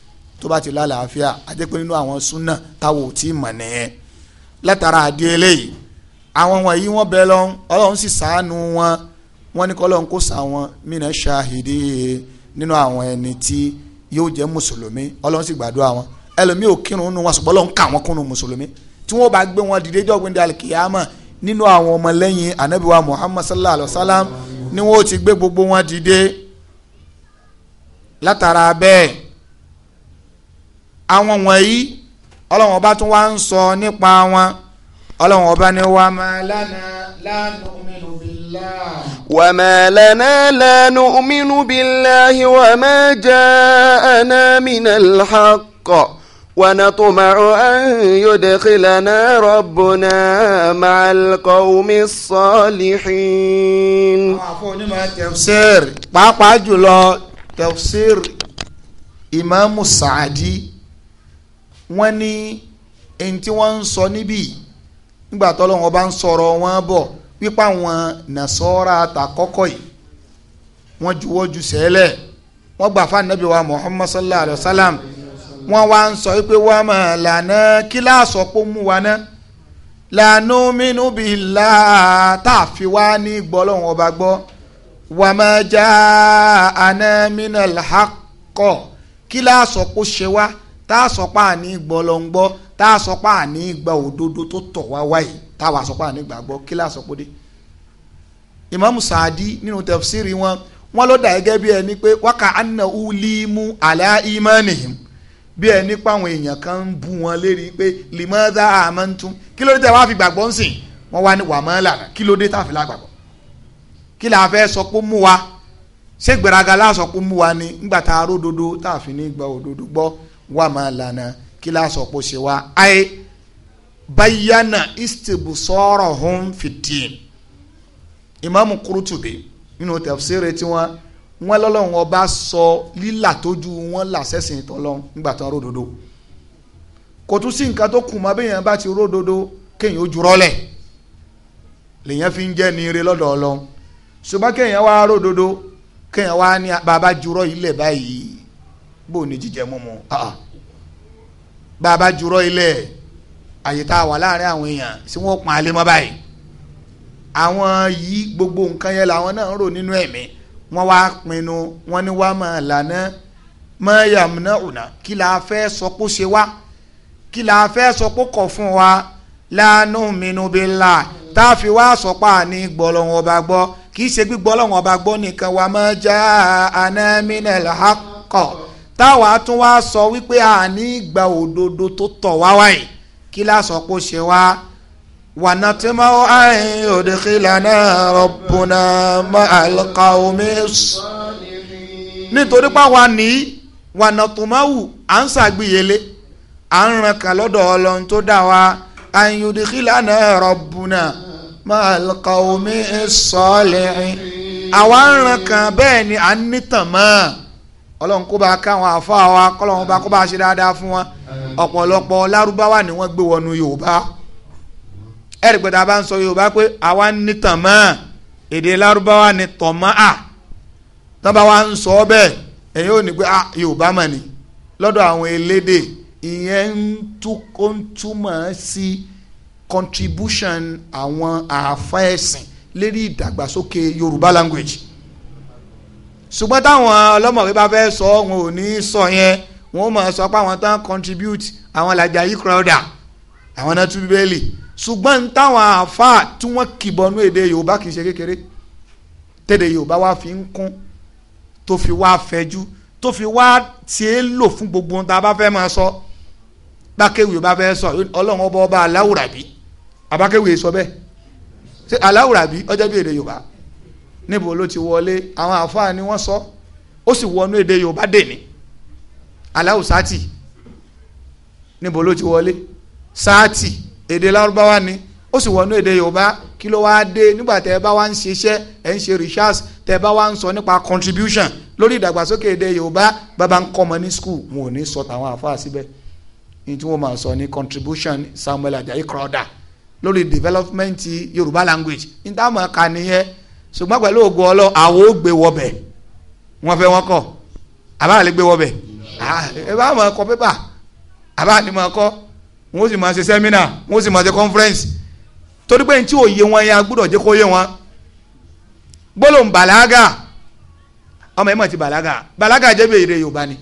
tó bá ti lálàáfíà àjẹpẹ́ nínú àwọn súnà táwọn ò tí ì mọ̀ nìyẹn látara àdé eléyìí àwọn wọ̀nyí wọ́n bẹ lọ́n ọlọ́run sì sàánú wọn wọ́n ní kọ́lọ́n kó sà wọn mina ṣahidi nínú àwọn ẹni tí yóò jẹ́ mùsùlùmí ọlọ́run sì gbàdúrà wọn ẹlòmíì ò kírun nínú wọn ṣùgbọ́n ọlọ́run kà wọ́n kúnnu mùsùlùmí tí wọ́n bá gbé wọn dìde jọ́gbìn dàlẹ́ nínú àwọn ọmọlẹ́yìn anabiwa muhammad sallallahu alayhi wa sallam ni wọ́n ti gbé gbogbo wọn dìde látara bẹ́ẹ̀ àwọn wọ̀nyí ọlọ́run ọba tún wá ń sọ nípa wọn ọlọ́run ọba ní wa máa lánàá lánàá omi lòbí. وما لنا لا نؤمن بالله وما جاءنا من الحق ونطمع أن يدخلنا ربنا مع القوم الصالحين تفسير بابا جلو تفسير إمام السعدي wọ́n ní ẹni tí wọ́n ń sọ níbí nígbà tọ́lọ́wọ́n bá ń sọ̀rọ̀ wọn bọ̀ pípa àwọn nàṣọ́ra àtàkọ́kọ́ yìí wọ́n juwọ́ ju sẹ́lẹ̀ wọ́n gbà fún anabi wa muhammad sallallahu alayhi wa sallam wọ́n wá ń sọ wípé wọ́n mọ̀ lànà kíláàsì ọ̀pọ̀ mú wa ná lànà mínú bí là tá a fi wá ní gbọ́lọ́wọ́n ọba gbọ́ wà má já àná mínú làákọ̀ kíláàsì ọ̀pọ̀ ṣe wá tá a sọ pé àní gbọ́ lọ ń gbọ́ tá a sọ pé àní gba òdodo tó tọ̀ wá wáyé tá a wà sọ pé àní gbàgbọ́ kí láà sọ pé dé. Imam Saadi nínú tafsiri wọn wọn ló dà gẹ́gẹ́ bí ẹni pé wákà anna ulimu ala imanihim bí ẹni pé àwọn èèyàn kan ń bu wọn lérí pé limadha amantum kí ló dé tẹ́ wá fi gbàgbọ́ ń sìn wọ́n wá ní wàmọ́ lànà kí ló dé tá a fi lágbàgbọ́ kí la ṣé gbéraga la sọ pé mú wa ni ńgbà tá a ródodo tá a fi ní gbọ́ òdodo gbọ́ wà máa lànà kí láàsọ pò ṣe wá ayé bayana istibsorahum fiddin ìmáàmù Qurtubi nínú tafsiri tiwọn wọn lọ́lọ́run ọba sọ lílà tójú wọn là sẹ́sìn tọ́lọ́run nígbà tán ródodo kò tún sí nǹkan tó kù mọ́ béèyàn bá ti ródodo kéèyàn ó jurọ́lẹ̀ lèyàn fi ń jẹ́ ní lọ́dọ̀ Ọlọ́run ṣùgbọ́n kéèyàn wá ródodo kéèyàn wá ní bàbá jurọ́ ilẹ̀ báyìí bó o ní jíjẹ mímu bàbá jùrọ ilẹ̀ àyè tá a wà láàrin àwọn èèyàn tí wọ́n pọn alẹ́ mọ́ báyìí àwọn yìí gbogbo nǹkan yẹn làwọn náà ń rò nínú ẹ̀mí wọ́n wá pinnu wọ́n ní wá máa lànà mọ́yàm náà ọ̀nà kí la fẹ́ sọ kó ṣe wá kí la fẹ́ sọ kó kọ̀ fún wa lánà mínú bí la tá a fi wá sọpá ní gbọ́lọ́wọ́n ọba gbọ́ kì í ṣe gbígbọ́lọ́wọ́n ọba gbọ́ nìkan wa mọ́ já anámínà làákọ̀ táwa tún wá sọ wípé a ní gba òdodo tó tọ̀ wá wáyé kí lásán kó ṣe wá wàná tí mo àyìn òdìkìlànà rọ̀bùnà mọ́ àlùkà omi nítorí pàwa ní wàná tó máa wù à ń ṣàgbìyẹlé à ń ràn kàn lọ́dọ̀ ọlọ́run tó dá wa àyìn òdìkìlànà rọ̀bùnà mọ́ àlùkà omi sọ́ọ̀lì àwa ń ràn kàn bẹ́ẹ̀ ni à ń nítàn mọ́ ọ ọlọ́run kó bá káwọn àfa wa kọ́lọ́run bá kó bá ṣe dáadáa fún wọn ọ̀pọ̀lọpọ̀ lárúbáwá ni wọ́n gbé wọnú yorùbá ẹ̀rì pé tá a bá ń sọ yorùbá pé àwa ní tànmọ́ èdè lárúbáwá ni tọ̀mọ́ à tán bá wa ń sọ ọ́ bẹ́ẹ̀ ẹ̀yin ò ní pé ah, yorùbá mà ní lọ́dọ̀ àwọn elédè ìyẹn ń túmọ̀ sí contribution àwọn àfa ẹ̀sìn lérí ìdàgbàsókè yorùbá language ṣùgbọ́n táwọn ọlọ́mọ̀wé bá fẹ́ sọ wọn ò ní sọ yẹn wọn ò mọ̀ sọ pé àwọn tán contribute àwọn Làjàyí crowder, àwọn náà tún bíbélì ṣùgbọ́n ní táwọn àáfàá tí wọ́n kìbọnú èdè Yorùbá kì í ṣe kékeré tẹ̀dẹ̀ Yorùbá wá fi ń kún tó fi wá fẹjú tó fi wá tiẹ̀ lò fún gbogbo ohun tá a bá fẹ́ máa sọ bákéwì bá fẹ́ sọ ọlọ́run ọba ọba aláwùrábí àbákéwì sọ bẹ́ẹ̀ ṣé aláwùrábí ọjọ́ bí èdè Yorùbá níbo ló ti wọlé àwọn àfáà ni wọ́n sọ ó sì wọnú èdè Yorùbá dèní aláwùsáàtì níbo ló ti wọlé sáàtì èdè lárúbáwá ni ó sì wọnú èdè Yorùbá kí ló wáá dé nígbà tẹ ẹ bá wá ń ṣiṣẹ́ ẹ ń ṣe research tẹ ẹ bá wá ń sọ nípa contribution lórí ìdàgbàsókè èdè Yorùbá bàbá ń kọ́ ọmọ ní school wọn ò ní sọ tàwọn àfáà síbẹ̀ ní tí wọ́n máa sọ ní contribution Samuel Ajayi Crowther lórí development Yorùbá language ní táwọn kan nìyẹn ṣùgbọ́n pẹ̀lú ògùn ọlọ́ àwọn ò gbé wọbẹ̀ wọ́n fẹ́ wọ́n kọ́ àbá lè gbé wọbẹ̀ ah, ẹ bá máa kọ pépà àbá lè máa kọ́ wọ́n sì máa ṣe sẹ́mínà wọ́n sì máa ṣe kọ́nfẹ́rẹ́nsì torí pé ntí òye wọn yẹn agbọ́dọ̀ jẹ́ kó yé wọn gbólóhùn bàlágà ọmọ ẹ̀ mọ̀ ti bàlágà bàlágà jẹ́ bí èdè Yorùbá ni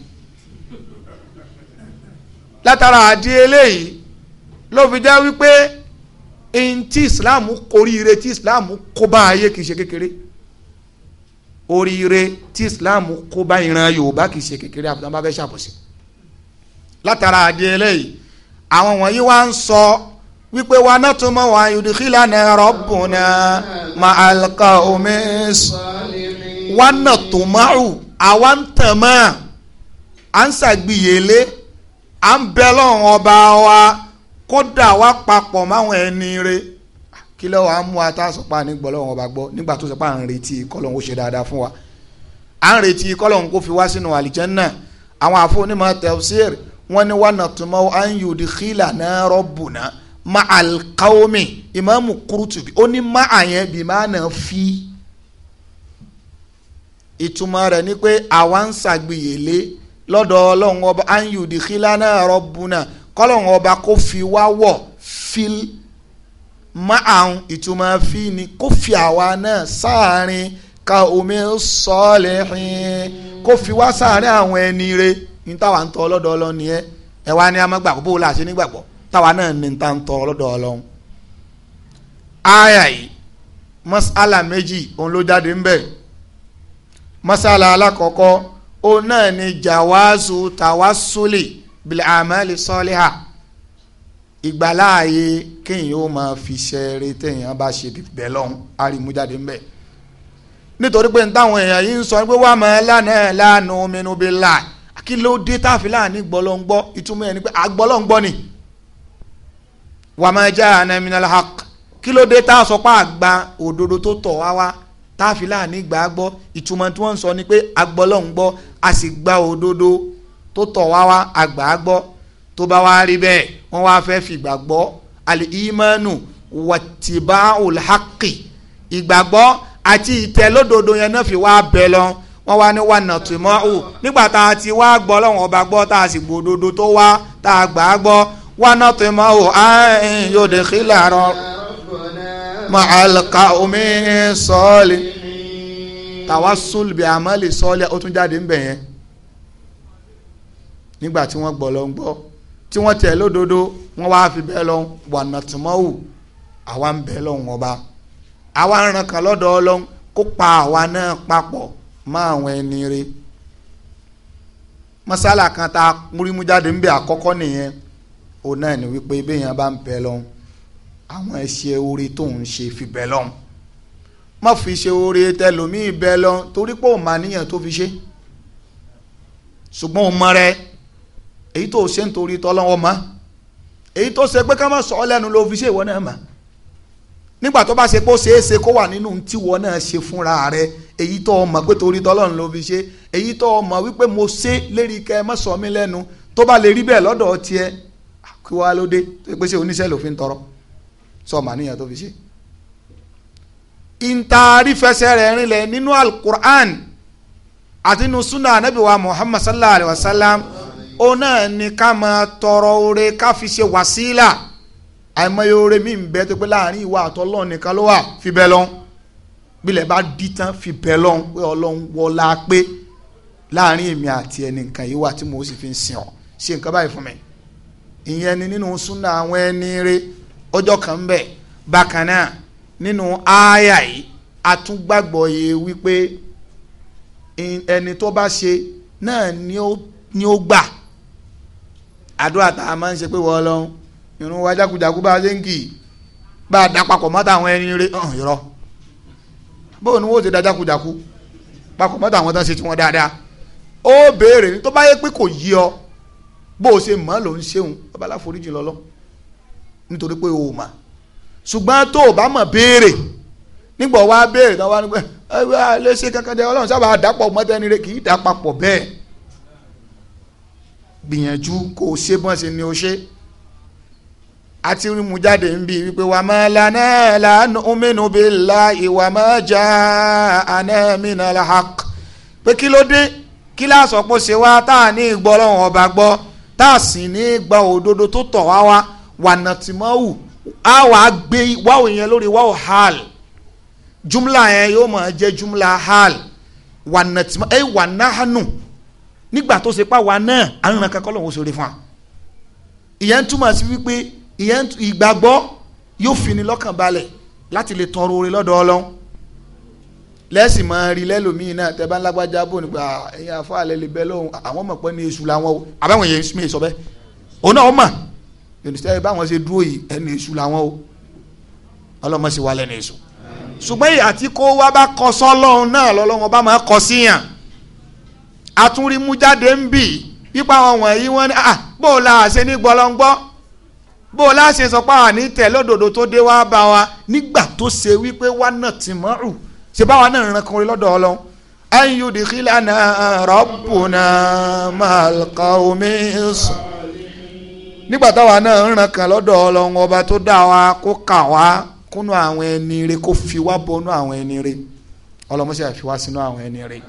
látara àdí eléyìí ló fi jẹ́ wípé ẹni tí islam koríire tí islam kó bá ayé kì í ṣe kékeré oríire tí islam kó bá ìran yorùbá kì í ṣe kékeré àbúrò bá fẹ́ ṣàbọ̀sí látara àdé eléyìí àwọn wọ̀nyí wá ń sọ wípé wa náà tún mọ̀ wá yudikila náà rabbuna ma alka omi wa náà tó máa àwa ń tàn máa à ń ṣàgbìyèlé à ń bẹ lọ́run ọba wa kódà wá papọ̀ máwọn ẹni re kí lọ́wọ́ à ń mú ata sọ̀pá ní gbọ́ lọ́wọ́ ọba gbọ́ nígbà tó sọ̀pá à ń retí kọ́lọ́hún ó ṣe dáadáa fún wa à ń retí kọ́lọ́hún kó fi wá sínú àlìjẹ́nnà àwọn àfọ̀nímọ̀ tafsir wọ́n ní wọ́n nàtúmọ̀ à ń yòdì xìlà náà rọ́bùnà má alkaomi ìmáàmù Qurtubi ó ní má àyẹn bí má nà fi ìtumọ̀ rẹ̀ ni pé àwa ń ṣàgbìyèlé lọ́dọ̀ ọlọ́run ọba à ń xìlà náà rọ́bùnà kọ́lọ́hún ọba kó fi wá wọ̀ fi máa ń ìtumọ̀ fi ni kó fi àwa náà sáàárín ka omi sọ́ọ̀lì hìn kó fi wá sáàárín àwọn ẹni re ní táwa ń tọ́ ọlọ́dọ̀ ọlọ́run nìyẹn ẹ wá ní amágbàgbọ́ bó o là ṣe nígbàgbọ́ táwa náà ní ta ń tọ́ ọlọ́dọ̀ ọlọ́run. aya yìí masala méjì òun ló jáde ń bẹ masala alákọ̀ọ́kọ́ òun náà ni jàwáàzù tàwásúlì bil amali saliha ìgbàláàyè kéèyàn ó máa fi ṣeré téèyàn bá ṣe bẹ̀ lọ́hùn àrímújáde ń bẹ̀ nítorí pé táwọn èèyàn yìí ń sọ pé wàá máa lánàá lánàá mẹ́nu bí láì kí ló dé táàfin láàánú gbọ́lọ́ngbọ́ ìtumọ̀ ẹni pé àgbọ́lọ́ngbọ́ ni wàá máa já àná minal haqq kí ló dé tá a àgbà òdodo tó tọ̀ wá wá táàfin láàánú gbà á tí wọ́n sọ ni pé àgbọ́lọ́ngbọ́ a sì gba òdodo tó tọ̀ wá wá àgbà á gbọ́ tó bá wá rí bẹ́ẹ̀ wọ́n wá fẹ́ fìgbà gbọ́ al-imanu wattiba'ul haqqi ìgbàgbọ́ àti ìtẹ̀lódodo yẹn náà fi wá bẹ̀ lọ wọ́n wá ní wànà tìmọ́ ò nígbà tá a ti wá gbọ́ lọ́wọ́n ọba gbọ́ tá a sì gbòdodo tó wá tá a gbà á gbọ́ wànà tìmọ́ ò àìn yóò dé kí làárọ̀ màálùkà omi sọ́ọ̀lì tàwa sùlùbí àmọ́lì sọ́ọ̀lì ó tún jáde ń bẹ̀ yẹn nígbà tí wọ́n gbọ́ lọ ń gbọ́ tí wọ́n tẹ̀ lódodo wọ́n wá fi bẹ́ẹ̀ lọ wà nàtúmọ́wù àwa ń bẹ́ẹ̀ lọ́hùn ọba àwa ń ràn kàn lọ́dọ̀ ọlọ́hùn kó pa àwa náà papọ̀ mọ́ àwọn ẹni rẹ̀ mọ́sálà kan tá a múrímú jáde ń bẹ àkọ́kọ́ nìyẹn òun náà ni wípé béèyàn bá ń bẹ́ẹ̀ lọ́hùn àwọn ẹ̀ṣẹ̀ orí tó ń ṣe fi bẹ́ẹ̀ lọ́hùn má fi ṣe oore tẹlòmíì bẹ́ẹ̀ lọ́hùn torí pé òun mà níyàn tó fi ṣe ṣùgbọ́n òun mọ rẹ̀ èyí tó ṣe ń torí tọ́lọ́wọ́ mọ́ èyí tó ṣe pé ká má sọ ọ́ lẹ́nu ló fi ṣe ìwọ náà mọ́ nígbà tó bá ṣe pé ó ṣeé ṣe kó wà nínú tíwọ náà ṣe fúnra rẹ èyí tó o mọ̀ pé torí tọ́lọ́run ló fi ṣe èyí tó o mọ̀ wípé mo ṣe lérí kẹ́ ẹ má sọ mí lẹ́nu tó bá lè rí bẹ́ẹ̀ lọ́dọ̀ tiẹ̀ kí wàá ló dé tó ṣe pé ṣe oníṣẹ́ ló fi ń tọrọ sọ mà níyàn tó fi ṣe. ìntaari fẹsẹ̀ rẹ̀ rinlẹ̀ nínú alukur'an àti nínú sunnah anabi wa muhammad sallallahu alayhi wa sallam ó náà ni ká máa tọrọ oore ká fi ṣe wàsílà àìmọye oore mi ń bẹ tó pé láàrin ìwà àtọlọ́ọ̀ nìkan ló wà fi bẹ́ẹ̀ lọ́n bílẹ̀ bá dí tán fi bẹ́ẹ̀ lọ́n pé ọlọ́run wọlá pé láàrin èmi àti ẹnì kan yìí wà tí mo sì fi ń sìn ọ́ ṣe nǹkan báyìí fún mi ìyẹn ni nínú súnà àwọn ẹni rẹ ọjọ́ kan ń bẹ bákan náà nínú ááyà yìí atúgbàgbọ́ yìí wípé ẹni tó bá ṣe náà ni ó gbà àdúrà tá a máa ń ṣe pé wọ́n lọ́hún irun wa jákujàku bá a ṣe ń kì í bá a dá papọ̀ mọ́tà àwọn ẹni rẹ hàn yọrọ bóun ni wọ́n ti da jákujàku papọ̀ mọ́tà àwọn tó ń ṣe tiwọn dáadáa ó béèrè ní tó bá yẹ pé kò yí ọ bó o ṣe mọ́ ló ń ṣeun bàbá aláforíjì lọ́lọ́ nítorí pé o mà ṣùgbọ́n tó o bá mọ̀ béèrè nígbà wa béèrè tó wá nígbà ẹ ẹ lè ṣe kankan jẹ ọlọ́run sábà dàpọ̀ mọ́tẹ́ni rẹ kì í dà papọ̀ bẹ́ẹ̀ gbìyànjú kò ṣe bọ́n ṣe ni o ṣe àti mú jáde ń bí wípé wà má lana la nu'minu billahi wa ma ja'ana minal haqq pé kí ló dé kí láàsọ pé ṣe wá tá a ní ìgbọ́ ọlọ́run ọba gbọ́ tá a sì ní gba òdodo tó tọ̀ wá wá wànà tí mọ́ wù á wà á gbé wáwò yẹn lórí wáwò hal jumla yẹn yóò máa jẹ́ jumla hal wànà tí mọ́ ẹ wà náhánù nígbà tó ṣe pàwa náà à ń ran kankan lọ́wọ́ sórí fún wa ìyẹn ń túmọ̀ sí wípé ìyẹn ìgbàgbọ́ yóò fini lọ́kàn balẹ̀ láti lè tọrọ oore lọ́dọ̀ ọlọ́run lẹ́sìn máa rí lẹ́lòmíì náà tẹ́ bá ń lágbájá bò nípa ẹ̀yin afáàlẹ́ lè bẹ́ lọ́hùn àwọn mọ̀ pé ní èṣù làwọn o àbáwọn yẹn mi sọ bẹ́ẹ̀ òun náà ó mọ̀ yòòdìsẹ́ báwọn ṣe dúró yìí ẹni èṣù làwọn o ọlọ́mọ sì wà lẹ́nu èṣù ṣùgbọ́n àti kó wá bá kọ sọ́lọ́run náà lọ́lọ́run ọba máa kọ síyàn àtúnrímú jáde ń bì pípa àwọn wọ̀nyí wọ́n ní ah bó o la ṣe ní gbọlọ́ngbọ́ bó o la ṣe sọ pé àwọn àní tẹ̀ lódodo tó dé wá bá wa nígbà tó ṣe wípé wá náà ti mọ́ rù ṣe báwa náà ràn kọrin lọ́dọ̀ ọlọ́run ayu dikilana rabbuna malkaumi sùn nígbà táwa náà ń ràn kàn lọ́dọ̀ ọlọ́run ọba tó dá wa kó kà wá kúnú àwọn ẹni rẹ kó fi wá bọnú àwọn ẹni rẹ ọlọmọṣẹ́ àfiwá sínú àwọn ẹni rẹ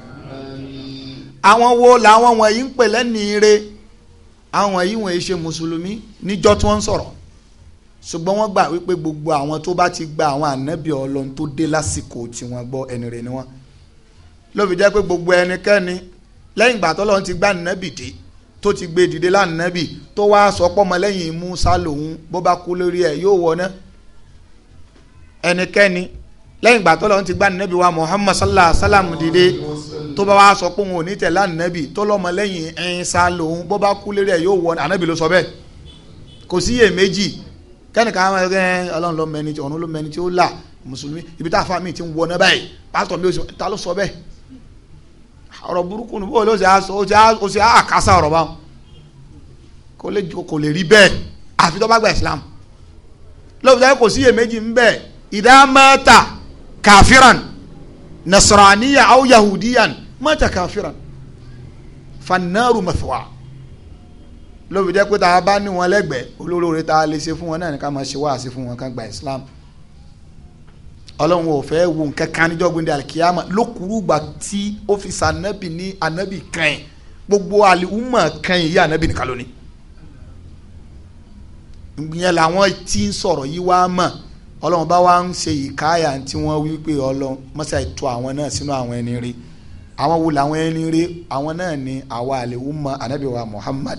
àwọn wo làwọn wọ̀nyí ń pè lẹ́ni ire àwọn wọ̀nyí wọ̀nyí ṣe mùsùlùmí níjọ́ tí wọ́n ń sọ̀rọ̀ ṣùgbọ́n wọ́n gbà wípé gbogbo àwọn tó bá ti gba àwọn ànábì ọlọ́run tó dé lásìkò tí wọ́n gbọ́ ẹni rẹ̀ ni wọ́n ló fi jẹ́ pé gbogbo ẹnikẹ́ni lẹ́yìn ìgbà tó lọ́run ti gbá ànábì dé tó ti gbé dìde lánàábì tó wá sọ pọ́mọ lẹ́yìn Mùsá lòun bó bá kú lórí ẹ̀ yóò wọ ẹnikẹ́ni lẹ́yìn ìgbà tọ́lọ́run ti gbá nẹ́bí wa Muhammad sallallahu alayhi wa sallam dìde tó bá wa sọ pé òun ò ní tẹ̀lé ànábì tọ́lọ́mọ lẹ́yìn ẹ̀yìn sa lòun bó bá kú lérí ẹ̀ yóò wọ ànábì ló sọ bẹ́ẹ̀ kò sí iye méjì kẹ́nìkan àwọn ẹgbẹ́ ọlọ́run ló mẹni tí ọ̀run ló mẹni tí ó là mùsùlùmí ibi tá a fa mi ti ń wọ náà báyìí pásítọ̀ mi ta ló sọ bẹ́ẹ̀ ọ̀rọ̀ burúkú ni bóyá ìdá mẹ́ta kafiran nasraniya aw yahudiyan mata kafiran fanaru mathwa lóbi jẹ́ pé tá a bá ní wọn lẹ́gbẹ̀ẹ́ olóore tá a lè ṣe fún wọn náà ni ká máa ṣe wáàsí fún wọn kan gba islam ọlọ́run ò fẹ́ wo nǹkan kan níjọ́ gbẹ̀ndẹ̀ alikiyama lókùrúgba tí ọ́fíìsì anabi ní anabi kan yìí gbogbo àlùmọ̀ kan yìí anabi nìkan lónìí ìyẹn làwọn tí ń sọ̀rọ̀ yìí wá mọ̀ ọlọ́run bá wá ń ṣe ìkáyà tí wọ́n wí pé ọlọ́run mọ́sá ètò àwọn náà sínú àwọn ẹni rí àwọn wo làwọn ẹni rí àwọn náà ni àwa àlewu mọ anabi wa muhammad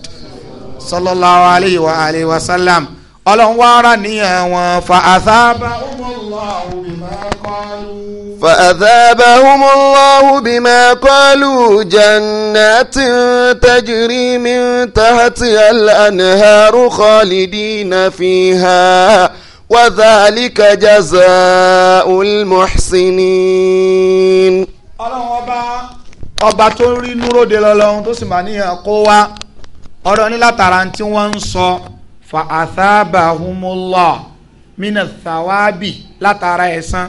sallallahu alayhi wa alayhi wa sallam ọlọ́run wá rà níyàn wọn fa àtàbà ọmọláhùn bímá kọ́lù. fa jannati tajiri min tahati al-anharu khalidina fiha. وذلك جزاء المحسنين ọlọ́run ọba ọba tó rí núròde lọ́lọ́run tó sì máa níyàn kó wá ọ̀rọ̀ ní látara tí wọ́n ń sọ fa athabahumullah mina thawabi látara ẹ̀san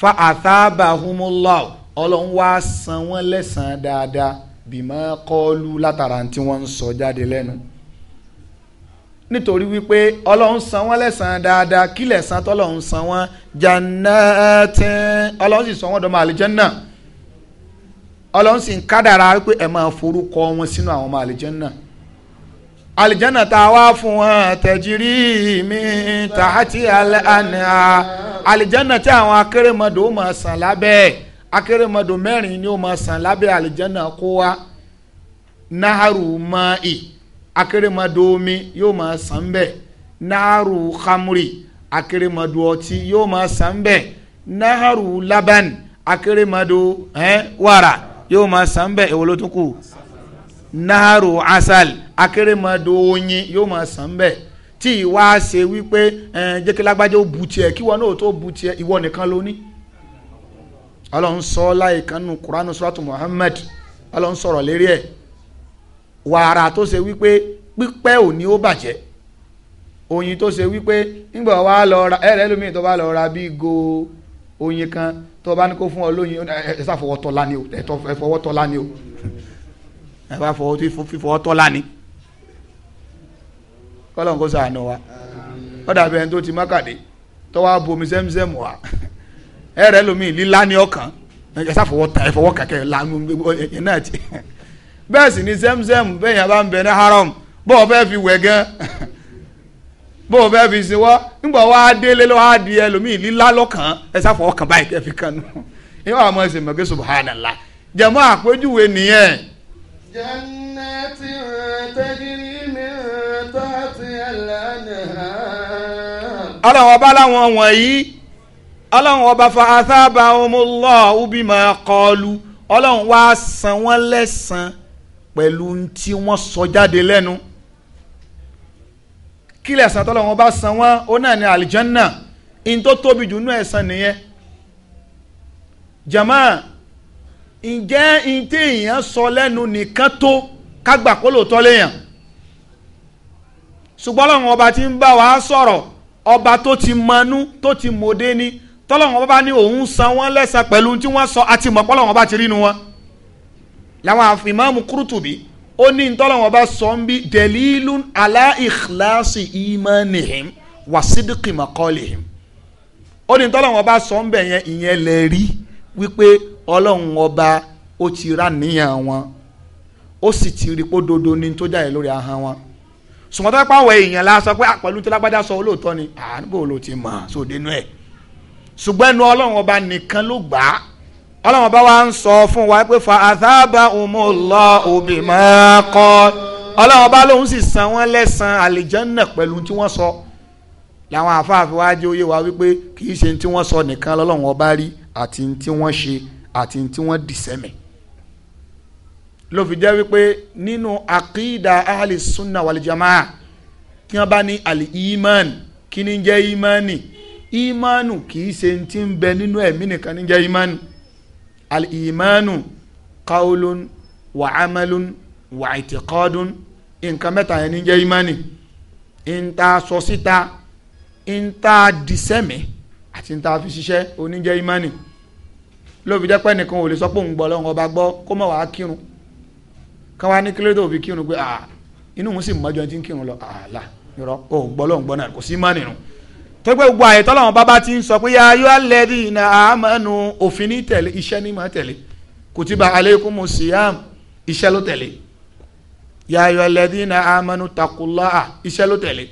fa athabahumullah ọlọ́run wá san wọ́n lẹ́san dáadáa bima qalu látara tí wọ́n ń sọ jáde lẹ́nu. nítorí wípé ọlọ́run san wọ́n lẹ́sàn dáadáa kí lẹ́sàn-án tọ́lọ́run san wọ́n jannatin ọlọ́run sì san wọ́n dọ́mọ àlìjẹ́nà ọlọ́run sì ń kádàrà wípé ẹ̀ máa forúkọ wọn sínú àwọn ọmọ àlìjẹ́nà àlìjẹ́nà tá a wá fún wọn tẹ̀jírí mi tààtì àná àlìjẹ́nà tí àwọn akérèmọdò ó máa sàn lábẹ́ akérèmọdò mẹ́rin ni ó máa sàn lábẹ́ àlìjẹ́nà kó náhàrú ì akérèmọdò omi yóò máa sàn bẹ́ẹ̀ náàrù khamri akérèmọdò ọtí yóò máa sàn bẹ́ẹ̀ náàrù laban akérèmọdò eh, wàrà yóò máa sàn bẹ́ẹ̀ èwo ló kù náàrù asal akérèmọdò oyin yóò máa sàn bẹ́ẹ̀ tí ìwà ṣe wípé jẹ́ kí lágbájá ó bu tiẹ̀ kí wọn náà tó bu tiẹ̀ ìwọ nìkan ló ní. sọ láìka kuranu suratu muhammad ọlọ́run sọ̀rọ̀ lérí ẹ̀ wàrà tó ṣe wípé pípẹ́ òní ó bàjẹ́ oyin tó ṣe wípé nígbà wa lọ ra ẹ̀rẹ́ lómi tó bá lọ ra bí go oyin kan tó bá ní kó fún ọ lóyin ẹ sá fọwọ́ tọ́ lani o ẹ fọwọ́ tọ́ lani o ẹ bá fọwọ́ fífọwọ́ tọ́ lani kọ́lọ́n kó sàánú wa ó dàbí tó ti mọ́kàdé tó wá bomi sẹ́mùsẹ́mù wa ẹ̀rẹ́ lómi lílá ní ọkàn ẹ sá fọwọ́ tà ẹ fọwọ́ kàkẹ́ lanu ẹ náà ti. bẹ́ẹ̀ ni zemzem bẹ́ẹ̀ yẹn bá ń bẹ ní haram bó o fi wẹ̀ gan bó fi ṣe wọ́ nígbà wá délé lọ́wọ́ á di ẹlòmíì lílá lọ́kàn ẹ sáfọ̀ ọkàn báyìí kẹ́ fi kan nù ìwọ àwọn ẹsẹ̀ mọ̀gẹ́ subhanallah jẹ̀mọ́ àpéjúwe nìyẹn. jannati ọlọ́run ọba láwọn wọ̀nyí ọlọ́run ọba fa ọlọ́run wá san wọ́n pẹ̀lú tí wọ́n sọ jáde lẹ́nu kílẹ̀ ẹ̀san tọ́lọ́ wọn bá san wọ́n ó náà ní àlìjánná in tó tóbi jù nú ẹ̀san nìyẹn jama ǹjẹ́ in tí èèyàn sọ lẹ́nu nìkan tó kágbà kó lóòótọ́ léèyàn ṣùgbọ́n Ọlọ́run ọba tí ń bá wa sọ̀rọ̀ ọba tó ti mọnú tó ti mọ̀dé ni tọ́lọ́run ọba ní òun san wọ́n lẹ́san pẹ̀lú tí wọ́n sọ àti mọ̀pọ́lọ́run ọba ti rí nu wọn làwọn àfìmọ́mù kúrútùbí ó ní ntọ́lọ́wọ́n bá sọ ń bí dẹ̀lílù alá ìkìláàsì ìmánìhìm wà sídìkì mọ́kọ́lìhìm ó ní ntọ́lọ́wọ́n bá sọ ń bẹ̀ yẹn ìyẹn lè rí wípé ọlọ́run ọba ó ti rà níyàn wọn ó sì ti rí pó dodo ní tó jáde lórí ahọ́n wọn sùmọ́tò pàwọ̀ èèyàn la sọ pé àpẹ̀lú ah, tí lágbádá sọ olóòótọ́ ni àánú ah, bò ló ti mọ̀ sóde nú ẹ̀ ṣùgbọ́n ẹnu ọlọ́run ọba nìkan ló gbàá ọlọ́run bá wa ń sọ fún wa pé fa àtàbà umullahu bima qad ọlọ́run bá lóun sì san wọ́n lẹ́sàn àlìjánná pẹ̀lú tí wọ́n sọ làwọn àfáàfin wa jẹ́ òye wa wípé kì í ṣe tí wọ́n sọ nìkan lọ́lọ́run ọba rí àti tí wọ́n ṣe àti tí wọ́n dìsẹ́mẹ̀ ló fi jẹ́ wípé nínú àkídà ahli sunna wal kí wọ́n bá ní àlì imán kí ni jẹ́ imánì imánù kì í ṣe ti ń bẹ nínú ẹ̀mí nìkan ni jẹ́ imánì. الإيمان قول وعمل wa amalun wa itiqadun nǹkan mẹ́ta yẹn ní jẹ́ imani nta sọ síta nta disẹ́mi àti nta fi ṣiṣẹ́ oníjẹ́ imani lóbi jẹ́ pé nìkan ò lè sọ pé òun gbọ́ lọ́wọ́ ọba gbọ́ kó mọ̀ wá kírun káwá ní kílódé tó fi kírun pé ah, inú òun sì mọ́jọ́ ti ń kírun lọ àlà irọ́ òun gbọ́ lọ́wọ́ gbọ́ náà kò sí imani nù. tó pé gbogbo àyè tọ́lọ́wọ́n bábá ti ń sọ pé ya ayọ́ alẹ́dì na àmọ́nu òfin ní tẹ̀lé iṣẹ́ ní máa tẹ̀lé kùtìbà aleikum siyam iṣẹ́ ló tẹ̀lé na àmọ́nu takulá iṣẹ́ ló tẹ̀lé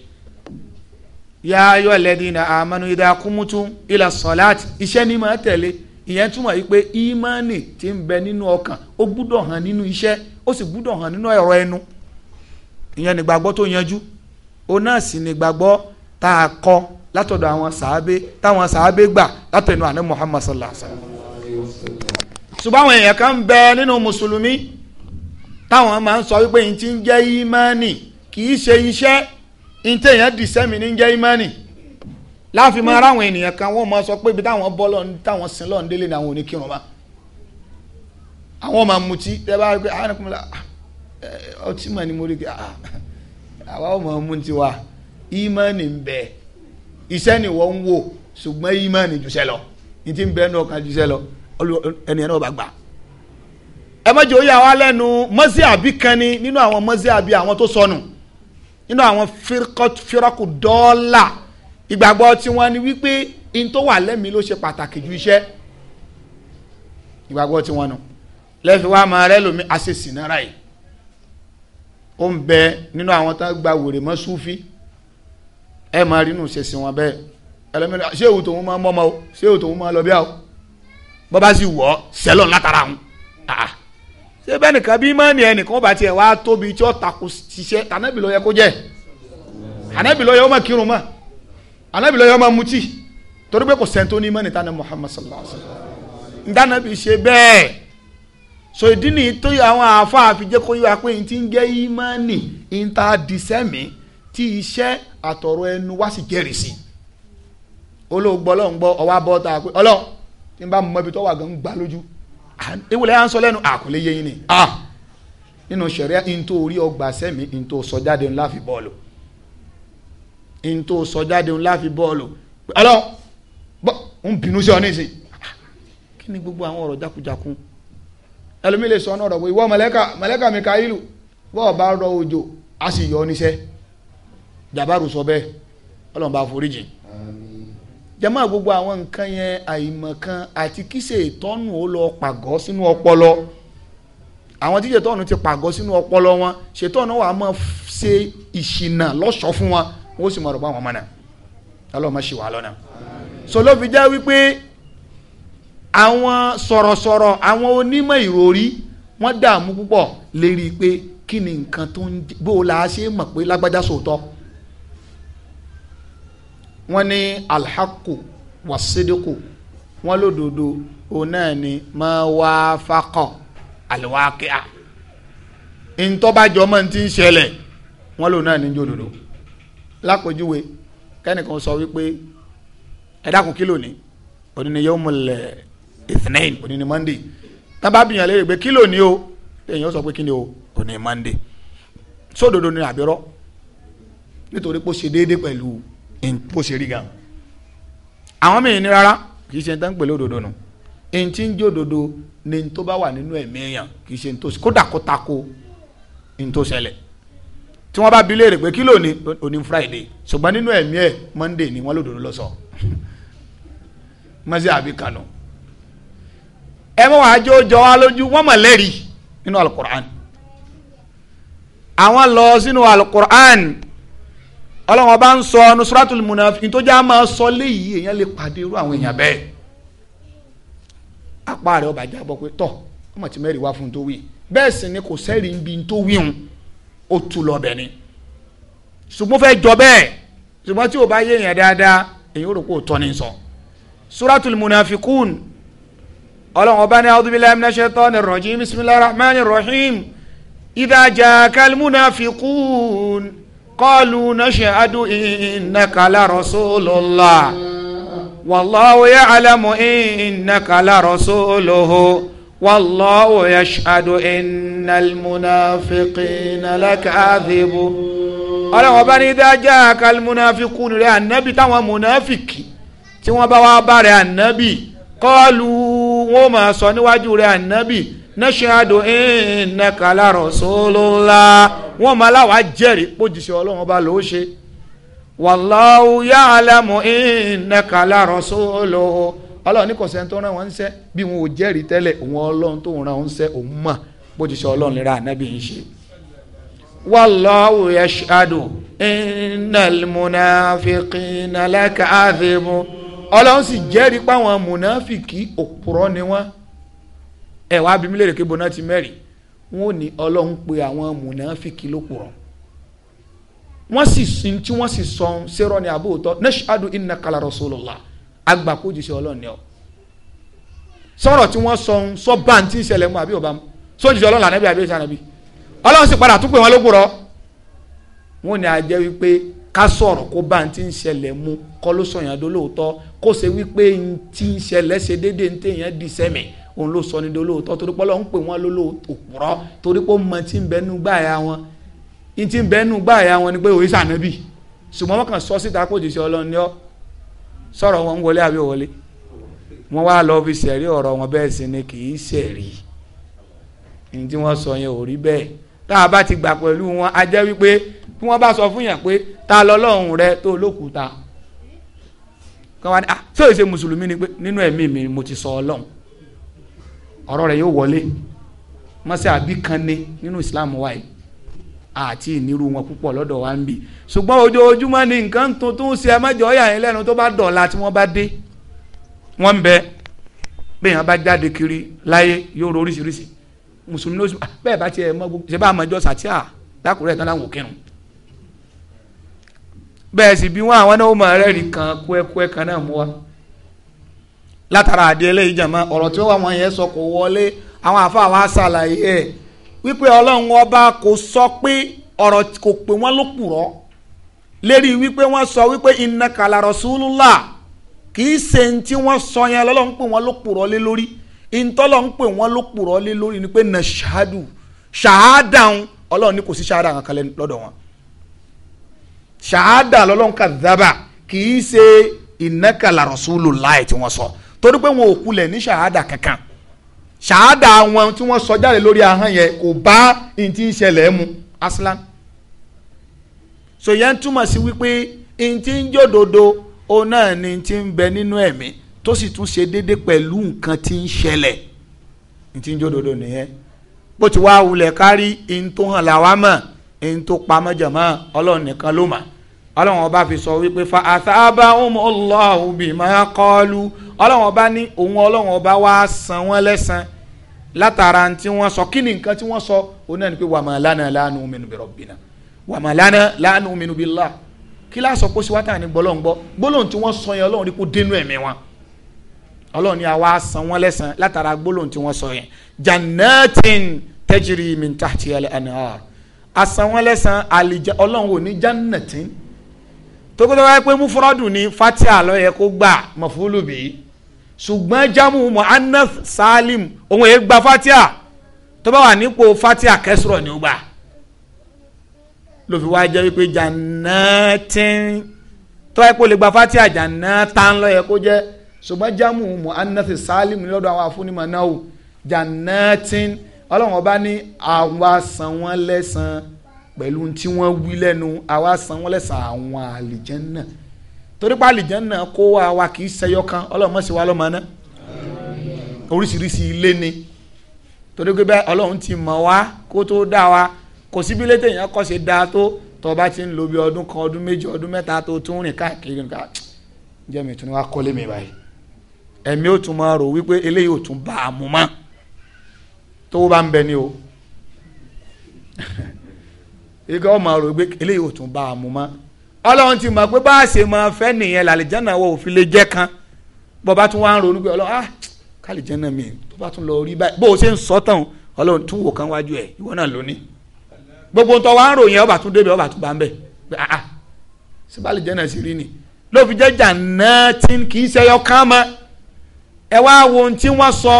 ya ayọ́ alẹ́dì na àmọ́nu ìdàkùmùtù ilà sọ̀láàtì iṣẹ́ ní máa tẹ̀lé ìyẹn túmọ̀ yìí pé ìmánì ti ń bẹ nínú ọkàn ó gbúdọ̀ hàn nínú iṣẹ́ ó sì gbúdọ̀ hàn nínú ẹ̀rọ ẹnu ìyẹn nígbàgbọ́ tó yanjú náà látọ̀dọ̀ àwọn sàábé táwọn sàábé gbà látẹnu àná Muhammad sallallahu alaihi wasallam. ṣùgbọ́n àwọn èèyàn kan ń bẹ nínú mùsùlùmí táwọn máa ń sọ wípé n ti ń jẹ́ ìmánì kì í ṣe iṣẹ́ n tí èèyàn dì sẹ́mi ní jẹ́ ìmánì láàfin máa ráwọn ènìyàn kan wọ́n máa sọ pé ibi táwọn bọ́ lọ́n táwọn sin lọ́n délé ni àwọn ò ní kírun bá àwọn máa mutí ẹ bá rí pé ah, àwọn ọkùnrin ah, ọtí mà ni mo rí pé ah, àwa ò máa mú tiwa ìmánì ń bẹ iṣẹ́ ni wọ́n ń wò ṣùgbọ́n ìmánì jùṣẹ́ lọ ní ti ń bẹ́ẹ̀ náà kan jùṣẹ́ lọ ẹni ẹ̀ náà bá gbà ẹ má jẹ́ ó yà wá lẹ́nu mọ́sí àbí kan ni nínú àwọn mọ́sí àbí àwọn tó sọnù nínú àwọn fírọ́kù dọ́là ìgbàgbọ́ tí wọ́n ní wípé in tó wà lẹ́mìí ló ṣe pàtàkì ju iṣẹ́ ìgbàgbọ́ tí wọ́n nù lẹ́fi wá máa rẹ́ lómi àṣesìn náírà yìí ó ń bẹ nínú àwọn tó gba wèrè mọ́ súfì ẹ máa rí inú ṣe sí wọn bẹ́ẹ̀ ẹlẹ́mìíràn ṣé èwù tòun máa mọ́mọ́ o ṣé èwù tòun máa lọ bí a o bọ́bá sì wọ̀ ọ́ sẹ́lọ̀ látara ń ah. ṣé bẹ́ẹ̀ nìkan bí mọ́ni ẹ nìkan bá tiẹ̀ wá tóbi tí ó takò ṣiṣẹ́ tànàbì yẹ kó jẹ́ ànàbì yẹ ó máa kírun mọ́ ànàbì yẹ ó máa mutí torí pé kò sẹ́ńtò ní mọ́ni tánà Muhammad sallallahu alayhi wa sallam ntànàbì ṣe bẹ́ẹ̀ so ìdí nìyí tó yẹ àwọn àáfàá fi kó yẹ wá pé n ń jẹ́ ìmọ̀ni ń ta dìsẹ́mi tí iṣẹ́ àtọ̀rọ̀ ẹnu wá sì jẹ́rìí olóògbọ́ ọlọ́run gbọ́ pé tí n bá mọ ibi tó wà gan lójú ìwúlẹ̀ à ń sọ lẹ́nu àkọlé yẹyin ni nínú ntò orí ọgbà sẹ́mi fi bọ́ọ̀lù ntò ńlá fi bọ́ọ̀lù bọ́ ń bínú sí gbogbo àwọn ọ̀rọ̀ jákujákun sọ ọ́nà ọ̀rọ̀ ìwọ mọ̀lẹ́kà mi ka ìlú bọ́ọ̀ bá rọ òjò a sì yọ ọ jabaru sọ bẹ́ẹ̀ ọlọ́run bá foríjì jama gbogbo àwọn nǹkan yẹn àìmọ̀kan àti kíṣe ìtọ́nù ó lọ pàgọ́ sínú ọpọlọ àwọn tíjẹ tọ́nù ti pàgọ́ sínú ọpọlọ wọn ṣètọ́nù wà á máa ṣe ìṣìnà lọ́ṣọ̀ọ́ fún wọn wọ́n sì máa rọ̀ bá wọn mọ̀nà ọlọ́run má ṣì wà lọ́nà so ló fi já wípé àwọn sọ̀rọ̀sọ̀rọ̀ àwọn onímọ̀ ìròrí wọ́n dààmú púpọ̀ lérí pé kí ni nǹkan tó ń bó o la ṣe mọ̀ pé lágbájá sòótọ́ wọ́n ní alhaku wasidiku wọ́n lódodo òun náà ni máa wá fakọ̀ àlùwákíá ntọ́bàjọ́ máa ti ń ṣẹlẹ̀ wọ́n lòun náà ní jòdòdò lápèjúwe kẹ́nìkan sọ wípé ẹ dákun kí lónìí òní ni yóò múlẹ̀ ìfìnnẹ́yìn òní ni mọ́ndé tábà léèrè pé kí lónìí o èèyàn sọ pé kí ni o òní mọ́ndé sódodo ni àbírọ́ nítorí pé ó ṣe déédéé pẹ̀lú bó ṣe rí gan àwọn míì ní rárá kì í ṣe tán pẹ̀lú òdodo nù ẹni tí ń jó òdodo ni tó bá wà nínú ẹ̀mí èèyàn kì í ṣe tó kódà kó tako ní tó ṣẹlẹ̀ tí wọ́n bá bi léèrè pé kí ló ní oní friday ṣùgbọ́n nínú ẹ̀mí ẹ̀ monday ni wọ́n lòdòdó lọ sọ mọ́sí àbí kànú ẹ mọ́ wàá jó jọ wá lójú wọ́n mọ̀ lẹ́rìí nínú alukur'an àwọn lọ sínú alukur'an ọlọ́run ọba ń sọ ọnu suratul munafikin tó já máa sọ léyìí èèyàn lè pàdé irú àwọn èèyàn bẹ́ẹ̀ apá rẹ̀ ọba jábọ̀ pé tọ̀ ọmọ tí mẹ́rin wá fún un tó wí bẹ́ẹ̀ sì ni kò sẹ́rìí ń bi ń tó wíhun ó tu lọ bẹ̀ ni ṣùgbọ́n fẹ́ jọ bẹ́ẹ̀ ṣùgbọ́n tí o bá yé èèyàn dáadáa èyí ó rò pé ó tọ́ ni sọ suratul munafikun ọlọ́run ọba ní a'udhu billahi minash قالوا نشهد إنك لرسول الله والله يعلم إنك لرسوله والله يشهد إن المنافقين لكاذبون ọlọ́wọ́n bá ní dájá kalmunafikun rẹ ànábì táwọn munafiki tí wọ́n bá wá bá rẹ ànábì kọ́ọ̀lù wọn máa sọ níwájú rẹ ànábì nashadu innaka la rasulullah wọ́n máa láwàá jẹ́rìí pójúṣe ọlọ́run ọba ló ṣe wallahu ya'lamu innaka la rasuluhu ọlọ́run ní kò sẹ́ni tó rán wọn ń sẹ́ bí wọn ò jẹ́rìí tẹ́lẹ̀ òun ọlọ́run tó rán wọn ń sẹ́ òun mọ̀ pójúṣe ọlọ́run lera ànábì ń ṣe. wallahu yashhadu innal munafiqina lakadhibu ọlọ́run sì jẹ́rìí páwọn mùnàfíkì òpùrọ́ ni wọ́n ẹ wá bí mílíọ̀nù kébò náà ti mẹ́rin wọn ò ní ọlọ́run pé àwọn mùnàfíkì ló pòrọ̀ wọ́n sì sin tí wọ́n sì sọ sẹ́rọ̀ ní abóòtọ́ nashadu innaka la rasulullah agbàkójì sí ọlọ́run ni ọ sọ̀rọ̀ tí wọ́n sọ sọ bá ń tí àbí ọba mu sójì ọlọ́run lànàbí àbí ìṣànàbí ọlọ́run sì padà tún pé wọn ló pòrọ̀ wọn ni a jẹ́ wípé ká sọ̀rọ̀ kó bá ń tí ń ṣẹlẹ̀ mú kọ́ ló sọ̀yàn dolóòótọ́ kó ṣe wípé ń tí ṣe déédéé ń téèyàn dì sẹ́mẹ̀ òun ló sọ ní dolóòótọ́ torí pé Ọlọ́run pè wọ́n lólóòpùrọ́ torí pé ó mọ tí ń bẹnu gbáàyà wọn tí ń bẹnu gbáàyà wọn ni pé òye sànábì ṣùgbọ́n wọ́n kàn sọ síta kó jìṣẹ́ Ọlọ́run ni ọ́ sọ̀rọ̀ wọn ń wọlé àbí wọlé wọ́n wá lọ fi ṣẹ̀rí ọ̀rọ̀ wọn bẹ́ẹ̀ sì ni kì í ṣẹ̀rí ní tí wọ́n sọ yẹn ò rí bẹ́ẹ̀ tá a bá ti gbà pẹ̀lú wọn a jẹ́ wípé bí wọ́n bá sọ fún yàn pé ta lọ́lọ́run rẹ tó lókùúta kí wọ́n ní ah ṣé o ṣe mùsùlùmí ni pé nínú ẹ̀mí mi mo ti sọ ọlọ́run ọ̀rọ̀ rẹ̀ yóò wọlé mọ́sẹ́ àbí kan nínú Islam wa yìí àti ìnirú wọn púpọ̀ lọ́dọ̀ wa ń bì ṣùgbọ́n ojoojúmọ́ ni nǹkan tuntun ṣe ẹ mọ́jọ ọ̀yà yẹn tó bá dọ̀la tí wọ́n bá dé wọ́n ń bẹ́ẹ̀ yẹn bá jáde kiri láyé yóò oríṣiríṣi mùsùlùmí ah, bẹ́ẹ̀ bá tiẹ̀ ṣe bá sàtíà lákùrẹ́ tán láwọn bẹ́ẹ̀ sì bí wọ́n látara àdìẹlẹ ìjàmọ ọ̀rọ̀ tí wọn yẹn sọ kò wọlé àwọn àfáà wa ṣàlàyé ẹ wípé Ọlọ́run ọba kò sọ pé ọ̀rọ̀ kò pé wọn ló purọ́ lérí wípé wọn sọ wípé innaka la rasulullah kì í ṣe ní tí wọn sọ yẹn lọ́lọ́run pé wọn ló purọ́ lé lórí ìntọ́lọ́ ń pè wọ́n ló purọ́ lé lórí ni pé nà ṣáádù ṣáádàun ọlọ́run ní kò sí ṣáádà kankan lọ́dọ̀ wọn ṣáádà lọ́lọ́run kà kì í ṣe ìnákàlà rasulullahi tí wọ́n sọ. So torí pé wọn ò kulẹ̀ ní ṣàhádà kankan ṣàhádà wọn tí wọ́n sọ jáde lórí ahọ́n yẹn kò bá n ti ń ṣẹlẹ̀ mu aslan so yẹn túmọ̀ sí wípé n ti ń jòdodo ó náà ni n ti ń bẹ nínú ẹ̀mí tó sì tún ṣe déédéé pẹ̀lú nǹkan tí ń ṣẹlẹ̀ n ti ń jòdodo nìyẹn bó ti wá wulẹ̀ kárí n tó hàn làwa mọ̀ n tó pamọ́ jẹ̀mọ́ ọlọ́run nìkan ló mọ̀ ọlọ́run ọba fi sọ wípé fa athabahum Allahu bima qalu ọlọ́run ọba ní òun ọlọ́run ọba wá san wọ́n lẹ́san látara tí wọ́n sọ kí ni nǹkan tí wọ́n sọ òun náà ni pé wàmà lánà la nu'minu bi rabbina wàmà lánà la nu'minu billah kí lásọ kó síwájú àní gbọ́lọ́n gbọ́ gbólóhùn tí wọ́n sọ yẹn ọlọ́run rí kó dénú ẹ̀mí wọn ọlọ́run ni àwa san wọ́n lẹ́san látara gbólóhùn tí wọ́n sọ yẹn jannatin tajri anhar asan wọ́n lẹ́san àlìjẹ ọlọ́run ò tókòtò wáyé pé mufurọ́dù ni fatia ló yẹ kó gbà mọ̀fúlù bí ṣùgbọ́n jamu muhannas salim òun yẹ gba fatia tó bá wà nípò fatia kẹsùrọ̀ ni ó gbà ló fi wáá jẹ́ wípé jannatin tó wáyé pé ó lè gba fatia jannatan ló yẹ kó jẹ́ ṣùgbọ́n jamu muhannas salim lọ́dọ̀ àwọn afúnimọ̀ náà jannatin ọlọ́run ọba ní àwa san wọ́n lẹ́sàn-án pẹ̀lú tí wọ́n wí lẹ́nu àwa san wọ́n lẹ́sàn àwọn àlìjẹ́nà torí pa àlìjẹ́nà kó wa wa kì í ṣẹyọ kan ọlọ́mọ sí wa lọ́mọ náà oríṣiríṣi ilé ni torí pé bẹ́ẹ̀ ọlọ́run ti mọ̀ wá kó tó dá wa kò síbi létè yẹn kọ́ ṣe dáa tó tó bá ti ń lo bí ọdún kan ọdún méjì ọdún mẹ́ta tó tún rìn káàkiri nǹkan jẹ́ mi tún ni wá kọ́lé mi báyìí ẹ̀mí ò tún máa rò wípé eléyìí ò tún bá a mú mọ́ tó bá ń bẹ ni o ike ọmọ rò pé eléyìí ò tún bá a mú mọ́ ọlọ́run ti mọ̀ pé bá a ṣe máa fẹ́ nìyẹn làlìjánà wọ òfin lè jẹ́ kan bọ́ba tún wá ń ronú pé ọlọ́run ah kàlìjánà mi tó bá tún lọ rí báyìí bó o ṣe ń sọ tán ọlọ́run tún wò kán wájú ẹ̀ ìwọ náà lónìí gbogbo ń tọ́ wá ń ròyìn ọba tún débẹ̀ ọba tún bá ń bẹ̀ ah ah ṣé bàlìjánà sì rí ni ló fi jẹ́ jàǹnà tí kì í ṣẹyọ kán mọ́ ẹ wá wo ohun tí wọ́n sọ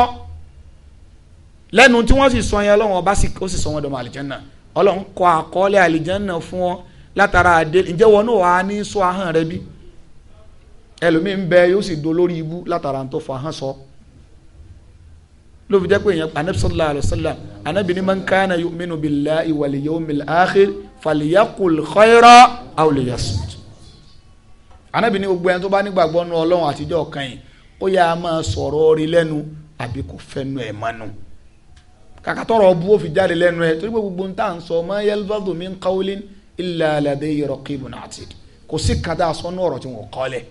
lẹ́nu tí wọ́n sì sọ yẹn ọlọ́run ọba ó sì sọ wọn dọ̀mọ àlìjánà ọlọ́run kọ àkọọ́lẹ̀ àlìjánná fún ọ látara àdé ǹjẹ́ wọn náà wàá ní sọ ahọ́n rẹ bí ẹlòmíín bẹ yóò sì do lórí ibú látara tó fọ ahọ́n sọ ló fi jẹ́ pé èèyàn anabi sallallahu alayhi wa sallam anabi ni man kana yu'minu billahi wal yawmil akhir falyaqul khayra aw liyasmut anabi ni gbogbo ẹni tó bá nígbàgbọ́ nu ọlọ́run àtijọ́ kan yìí ó yà á máa sọ̀rọ̀ orí lẹ́nu àbí kò fẹ́ nu ẹ̀ mánu. E kàkà tọrọ bu ó fi jáde lẹ́nu ẹ torí pé gbogbo ń tà ń sọ ma yalfadhu min qawlin illa ladayhi raqibun atid kò sí kan tá a sọ ní ọ̀rọ̀ tí wọ́n kọ́ lẹ̀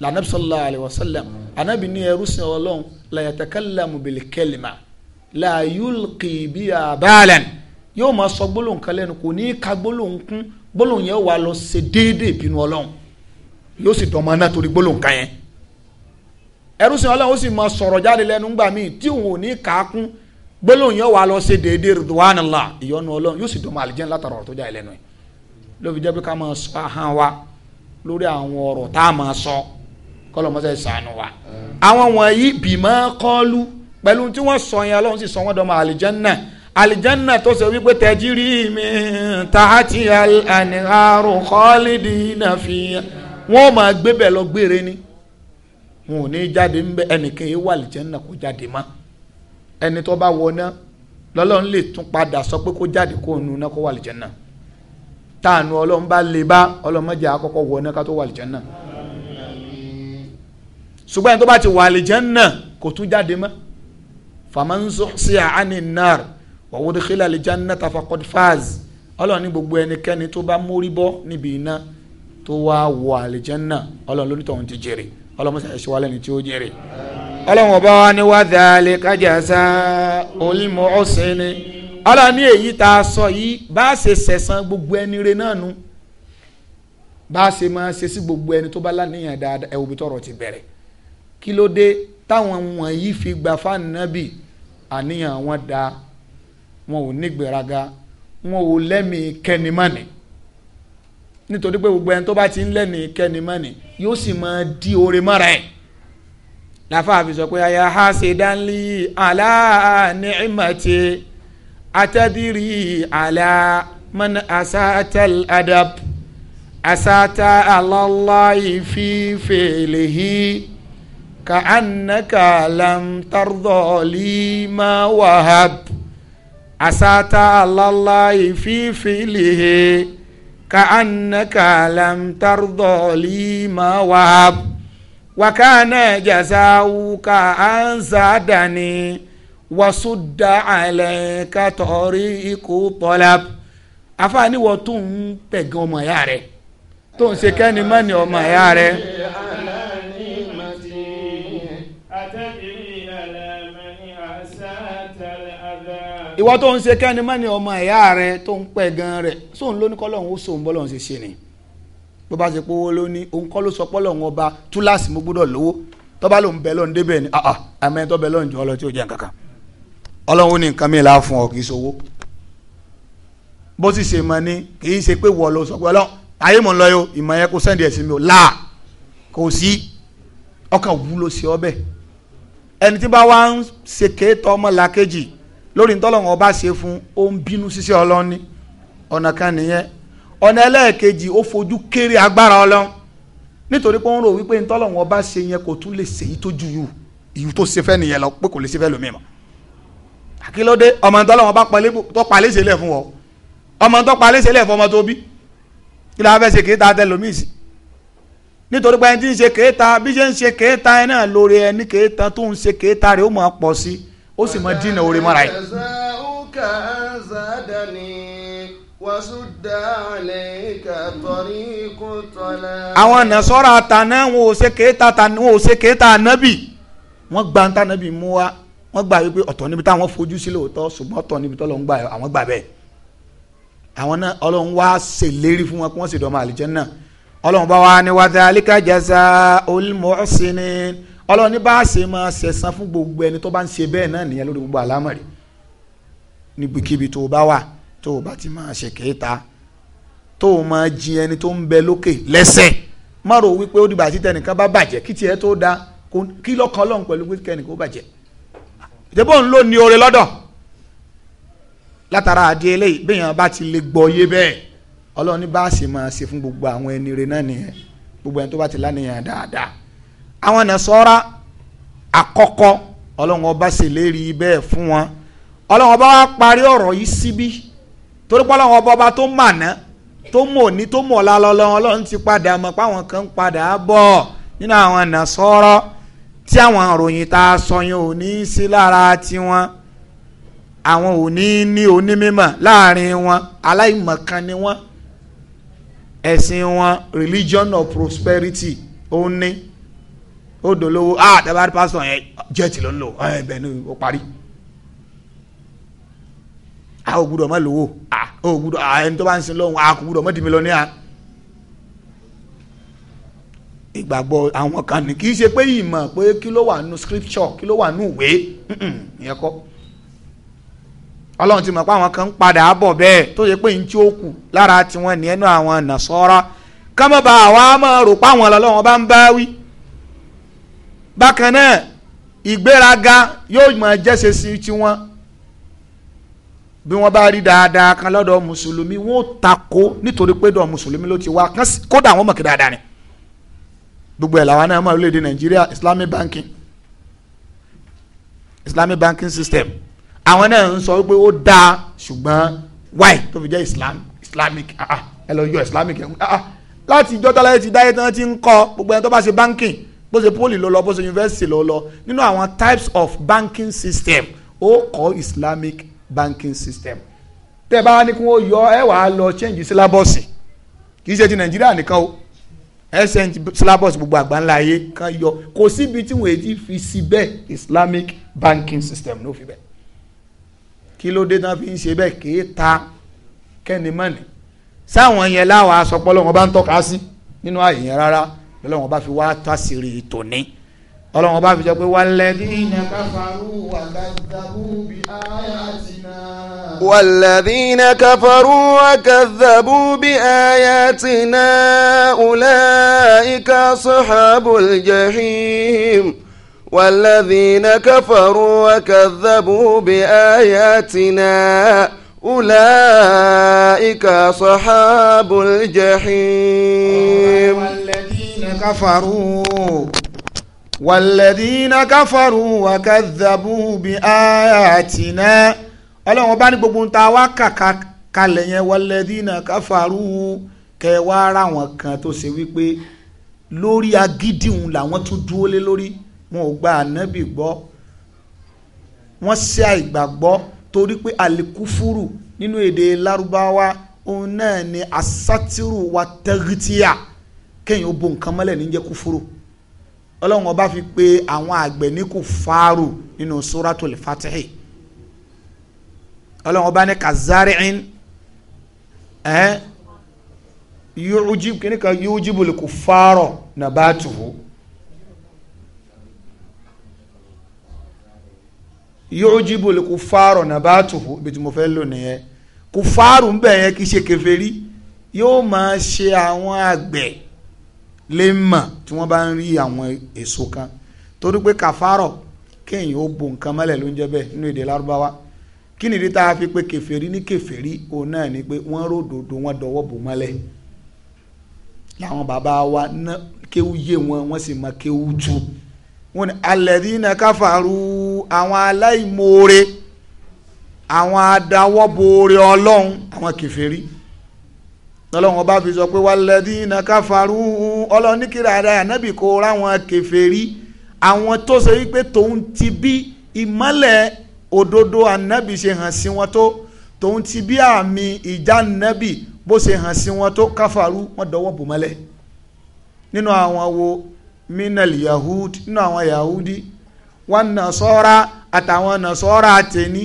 lànàbí alayhi wa sallam anabi ní ẹrú sin ọlọ́run la yatakallamu bil kalima la yulqi yóò máa sọ gbólóhùn kan kò ní ka gbólóhùn kún gbólóhùn yẹn wà lọ ṣe déédéé ìpinnu ọlọ́run yóò sì dọ̀mọ́ náà torí gbólóhùn kan yẹn ẹrú sin ọlọ́run ó sì máa sọ̀rọ̀ jáde lẹ́nu ńgbà míì tí òun ò ní í kún gbólóhùn yẹn wà lọ ṣe déédéé ridwan Allah ìyọnu Ọlọ́run yóò sì dùn mọ àlìjẹun látara ọ̀rọ̀ tó já ẹlẹ́nu ẹ ló fi jẹ́ pé ká máa sọ ahọ́n wa lórí àwọn ọ̀rọ̀ tá a máa sọ kọlọmọsẹ ṣàánú wa. àwọn wọ̀nyí bìmọ kọlu pẹ̀lú tí wọ́n sọ yẹn Ọlọ́run sì sọ wọ́n dọmọ àlìjẹnà àlìjẹnà tó ṣe wípé tẹjírí mi tààtì àníhàrò kọ́lídì nàfìyà wọ́n máa gbébẹ̀ lọ gbére ni wọn ò ní jáde ń ẹni tó bá wọ náà lọ́lọ́run lè tún padà sọ pé kó jáde kó nu náà kó wà lìjẹ́nà táànù ọlọ́run bá lè bá ọlọ́mọdé àkọ́kọ́ wọ náà ká tó wà lìjẹ́nà ṣùgbọ́n ẹni tó bá ti wà lìjẹ́nà kò tún jáde mọ́ famanzuxi ani nar wàwúdìkílà lìjẹ́nà tafakọ́d faz ọlọ́run ní gbogbo ẹnikẹ́ni tó bá mórí bọ́ níbi iná tó wá wọ àlìjẹ́nà ọlọ́run lónìí tó ń ti jèrè ọlọ́run mọ̀ sàyẹ̀sí wálẹ̀ ni tí ó jèrè ọlọ́run ọba wa ni wà dàlẹ́ kájàsá olùmọ̀ ọ̀sẹ̀ ni ọlọ́run èyí tá a sọ yìí bá a ṣe sẹ̀san gbogbo ẹni re náà nu bá a ṣe máa ṣe sí gbogbo ẹni tó bá láníyàn dáadáa ẹ̀ òbí tọrọ ti bẹ̀rẹ̀ kí ló dé táwọn wọ̀nyí fi gba fáànàbì àníyàn wọn da wọn ò nígbéraga wọn ò lẹ́mìí kẹ́nìmọ́nì nítorí pé gbogbo ẹni tó bá ti ń lẹ́mìí kẹ́nìmọ́nì yóò sì máa di oore mọ́ra ẹ̀ lafa àfi sọ pé aya hasidanli ala ni'imati atadiri ala man asatal adab asata alallahi fi filihi ka annaka lam tardoli ma wahab asata alallahi fi filihi ka annaka lam tardoli ma wahab. wakana jasawuka ansadani wasudda alayka tariqu talab afaani wọ tó ń tẹ̀gẹ́ ọmọ ya rẹ̀ tó ń ṣe kẹ́ni mọ́ni ọmọ ya rẹ̀. ìwọ tó ń ṣe kẹ́ni mọ́ni ọmọ ya rẹ̀ tó ń pẹ̀ gan rẹ̀ sóun lóníkọ́ lọ́hún ó sóun bọ́ lọ́hún ṣe ṣe ni. bó bá ṣe pówó ló ní òun kọ́ ló sọ pọ́ lọ́wọ́n ọba túláàsì mo gbọ́dọ̀ lówó tọ́ba lòun bẹ̀ lọ́n débẹ̀ ni àà ah, ah, àmọ́ tó bẹ̀ lọ́n jọ ọ lọ tí ò jẹ́ nǹkan ọlọ́run ní nǹkan mi là á fún ọ kì í sowó bó sì ṣe mọ ni kì í ṣe pé wọ́ ló sọ pé ayé mọ̀ lọ ìmọ̀ yẹn kó sẹ́ndì ẹ̀sìn mi ò láà kò sí ọkàn wúlò sí ọbẹ̀ ẹni tí bá wá ń ṣe kéétọ́ ọmọlàkejì lórí ntọ́lọ́run ọba ṣe fún ó ń bínú ọlọ́ni ọ̀nà kan nìyẹn ọ̀nà ẹlẹ́ẹ̀kejì ó fojú kéré agbára ọlọ́run nítorí pé wọ́n rò wípé ntọ́lọ́run ọba ṣe yẹn kò tún lè ṣe èyí tó ju yìí ìyú tó ṣe fẹ́ nìyẹn lọ pé kò lè ṣe fẹ́ lómi mọ́ àkílódé ọmọ ntọ́lọ́run ọba tó palẹ̀ ṣe lẹ̀ fún ọ ọmọ tó palẹ̀ ṣe lẹ̀ fún ọmọ tó bí kí ló fẹ́ ṣe kéta tẹ lómi sí nítorí pé ẹni tí ń ṣe kéta bí ṣe ń ṣe kéta ẹ náà lórí ẹni kéta tó ń ṣe kéta rẹ̀ ó máa pọ̀ sí ó sì máa dínà àwọn nasọ́ra tàná wọn ò ṣe kéta tàná wọn ò ṣe kéta ànábì wọ́n gba ń tànábì mú wa wọ́n gbà wípé ọ̀tọ̀ níbi táwọn fojú sí lóòótọ́ ṣùgbọ́n ọ̀tọ̀ níbi tọ́lọ́ ń gbà àwọn gbà bẹ́ẹ̀ àwọn náà ọlọ́run wá ṣèlérí fún wọn kí wọ́n sì dọ̀mọ àlìjánnà ọlọ́run bá wa ní wadhalika jazaa'ul muhsinin ọlọ́run ní bá a ṣe máa ṣẹ̀san fún gbogbo ẹni tó bá ń ṣe bẹ́ẹ̀ náà nìyẹn lórí gbogbo àlámọ̀rí níbikíbi tó bá wà tó o bá ti máa ṣèké ta tó o máa jin ẹni tó ń bẹ lókè lẹ́sẹ̀ má rò wípé ó dìgbà tí tẹnìkan bá bàjẹ́ kí tiẹ̀ tó da kí lọ́kàn ọlọ́run pẹ̀lú pé kẹ́nìkan ó bàjẹ́ ìdẹ́bọ̀ ń lò ní oore lọ́dọ̀ látara àdé eléyìí béèyàn bá ti lè gbọ́ yé bẹ́ẹ̀ ọlọ́run ní bá máa ṣe fún gbogbo àwọn ẹni rẹ̀ náà nìyẹn gbogbo ẹni tó bá ti lánìyàn dáadáa àwọn nàṣọ́ra àkọ́kọ́ ọlọ́run ọba ṣèlérí bẹ́ẹ̀ fún wọn ọlọ́run ọba wa parí ọ̀rọ̀ yìí síbí torí pọ́lọ́wọ́n bọ́ba tó mànà tó mọ̀ ní tó mọ̀ lálọ́lọ́ ọlọ́run ti padà mọ̀ páwọn kan ń padà bọ̀ nínú àwọn nàṣọ́rọ́ tí àwọn òròyìn tá a sọ yẹn ò ní í sí lára tiwọn àwọn ò ní í ní láàrin wọn aláìmọ̀kan ni wọn ẹ̀sìn wọn religion of prosperity ó ní ó dolówó ah dábàá pastor yẹn jẹ́ẹ̀tì ló ń lò ẹ̀ bẹ́ẹ̀ parí. a ò gbúdọ̀ má lówó a ò gbúdọ̀ a ẹni tó bá ń sin a kò gbúdọ̀ ìgbàgbọ́ àwọn kan ní kì í ṣe pé ìmọ̀ pé kí ló wà nù scripture kí ló wà nù ìwé ìyẹn kọ́. ọlọ́run ti mọ̀ pé àwọn kan ń padà bọ̀ bẹ́ẹ̀ tó ṣe pé ní tí ó kù lára tiwọn ní ẹnu àwọn nàṣọ́ra kámọ́ba rò bá bí wọ́n bá rí dáadáa kan lọ́dọ̀ mùsùlùmí wọ́n takò nítorí pé dọ̀ mùsùlùmí ló ti wá kán kódà wọ́n mọ̀ kí dáadáa ni gbogbo ẹ̀ làwọn náà mọ̀ lórílẹ̀ nàìjíríà islamic banking islamic banking system àwọn náà ń sọ wípé ó dáa ṣùgbọ́n why tó fi jẹ́ islam islamic ah, ah ẹ lọ yọ islamic ah, ah láti ìjọ tọ́lá yẹn ti dáyé tán ti ń kọ́ gbogbo ẹni tó bá ṣe banking bó ṣe poli ló lọ bó ṣe university ló lọ nínú àwọn types of banking system ó kọ́ islamic banking system tẹ́ bá ní kí wọ́n yọ ẹ wàá lọ change syllabus kì í ṣe ti nàìjíríà nìkan o ẹ change syllabus gbogbo àgbáńlá ayé kan yọ kò síbi tí wọ́n ti fi sí bẹ́ẹ̀ islamic banking system ló fi bẹ́ẹ̀ kí ló dé tán fi ń ṣe bẹ́ẹ̀ kì í ta kẹ́ni mọ́ni sáwọn yẹn láwọn asọpọ̀ lọ́wọ́n bá ń tọ́ka sí nínú àyè yẹn rárá lọ́wọ́n bá fi wá tásìrì tòní ọlọ́run ọba àfijọ́ pé walladhina kafaru wa kadhabu bi ayatina. walladhina kafaru wa kadhabu bi ayatina ulaika ashabul jahim. والذين كفروا وكذبوا بآياتنا أولئك أصحاب الجحيم والذين كفروا wàlẹ́dínà káfàrú wàkàdàbù bí ayatina ọlọ́run bá ní gbogbo ń ta wá kàkà kalẹ̀ yẹn wàlẹ́dínà káfàrú kẹwàá ara wọn kan tó ṣe wípé lórí agídíhun làwọn tún dúró lé lórí wọn ò gba ànábì gbọ́ wọ́n ṣe àìgbàgbọ́ torí pé àlékúfúrù nínú èdè lárúbáwá òun náà ni asátírù wa tẹ́gítíà kéèyàn ó bo nǹkan mọ́lẹ̀ níjẹ́ kúfúrù. ọlọ́run ọba fi pe àwọn àgbẹ̀ ní kùfárù nínú suratul fatihi ọlọ́run ọba ní kazari'in ẹ̀ yújib kíní kan yújib lè kùfárọ̀ nabatuhu yújib lè kùfárọ̀ nabatuhu ibi tí mo fẹ́ lò nìyẹn ń bẹ̀ yẹn kì í ṣe yóò máa ṣe àwọn àgbẹ̀ lè mọ̀ tí wọ́n bá ń rí àwọn èso kan torí pé kàfárọ̀ kéèyàn ó bo nǹkan mọ́lẹ̀ ló ń jẹ́ bẹ́ẹ̀ nínú èdè lárúbáwá kí nìdí tá a fi pé kèfèrí ní kèfèrí òun náà ni pé wọ́n ròdòdó wọ́n dọwọ́ bò mọ́lẹ̀ làwọn bàbá wa ná kéwú yé wọn wọ́n sì mọ kéwú jù wọ́n ní alladhina káfàrú àwọn aláìmoore àwọn adáwọ́boore ọlọ́run àwọn kèfèrí tọ́lọ́wọ́n bá fi sọ pé walladhina kafaru ọlọ́ọ̀nìkìrà rẹ̀ ànábì kò ráwọn kèfèrí àwọn tó ṣe wípé tòun ti bí ìmọ́lẹ̀ òdodo ànábì ṣe hàn sí wọn tó tòun ti bí àmì ìjà ànábì bó ṣe hàn sí wọn tó káfàrú wọn dọwọ́ bò mọ́lẹ̀ nínú àwọn wo minal yahud nínú àwọn yahudi wọn nasọ́ra àtàwọn nasọ́ra àtẹni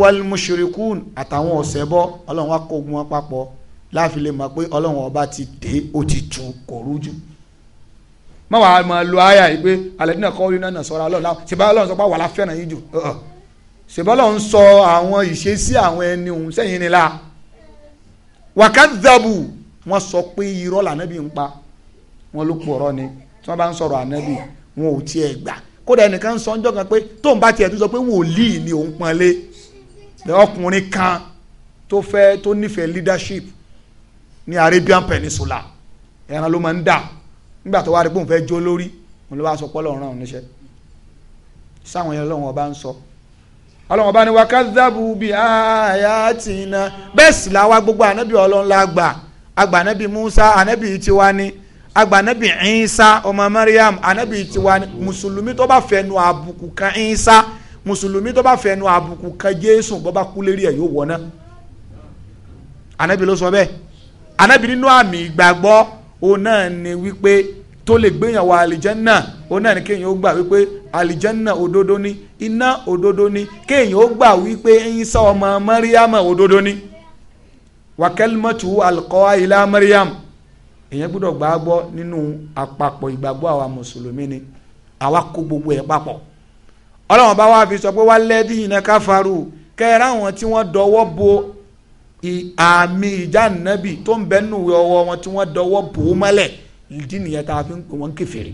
wal mushrikun àtàwọn ọ̀sẹ̀ bọ́ ọlọ́run wa kó ogun wọn papọ̀ láàfin lè mọ̀ pé ọlọ́run ọba ti dé ó ti tu kò rújú mọ wàá mọ lu àyà yìí pé alẹ́dínà kọ́ orí náà sọ̀rọ̀ alọ́ láwọn ṣèbá ọlọ́run sọ pé wàhálà fẹ́ràn yín jù ṣèbá ọlọ́run sọ àwọn ìṣesí àwọn ẹni òun sẹ́yìn ni la wàkàdàbù wọ́n sọ pé irọ́ lànàbì ń pa wọ́n ló pọ̀ ọ̀rọ̀ ni tí wọ́n bá ń sọ̀rọ̀ ànàbì wọn ò tiẹ̀ gbà kódà ẹnìkan ń sọ ọjọ́ kan pé tóun bá tiẹ̀ tó sọ pé wòlíì ni òun pọ́nlé ọkùnrin kan tó fẹ́ tó nífẹ̀ẹ́ leadership ní Arabian Peninsula ẹran ló máa ń dà nígbà tó wá rí bóun fẹ́ jó lórí òun ló wá sọ pọ́lọ́ ọ̀ràn oníṣẹ́ sáwọn yẹn lọ́wọ́n ọba ń sọ ọlọ́wọ́n ọba ni wa kadhabu bi ayatina bẹ́ẹ̀ sì la wá gbogbo ànábì ọlọ́run la gbà àgbà ànábì Musa ànábì tiwa ni àgbà ànábì Isa ọmọ Mariam ànábì tiwa ni mùsùlùmí tó bá fẹnu àbùkù kan Isa mùsùlùmí tó bá fẹnu àbùkù kan Jésù bó bá kú lérí ẹ̀ yóò wọ̀ náà ànábì ló sọ bẹ́ẹ̀ anabi nínú àmì ìgbàgbọ́ òun náà ni wípé tó lè gbéyàn wá àlìjẹ́nà òun náà ni kéèyàn ó gbà wípé àlìjẹ́nà òdodo ni iná òdodo ni kéèyàn ó gbà wípé Ìsá ọmọ mẹ́ríàmù òdodo ni wàkẹ́lmọ́tù alqaha ila mẹ́ríàmù èèyàn gbọ́dọ̀ gbà á gbọ́ nínú àpapọ̀ ìgbàgbọ́ àwa mùsùlùmí ni àwa kó gbogbo ẹ̀ papọ̀ ọlọ́run bá wá fi sọ pé wálé dín iná káfárù kẹ́ẹ̀rẹ́ àwọn tí wọ́n dọwọ́ bo àmì ìjà nàbì tó ń bẹ nù ọwọ́ wọn tí wọ́n dọwọ́ bò ó mọ́lẹ̀ ìdí nìyẹn tá a fi ń pè wọ́n kèfèrí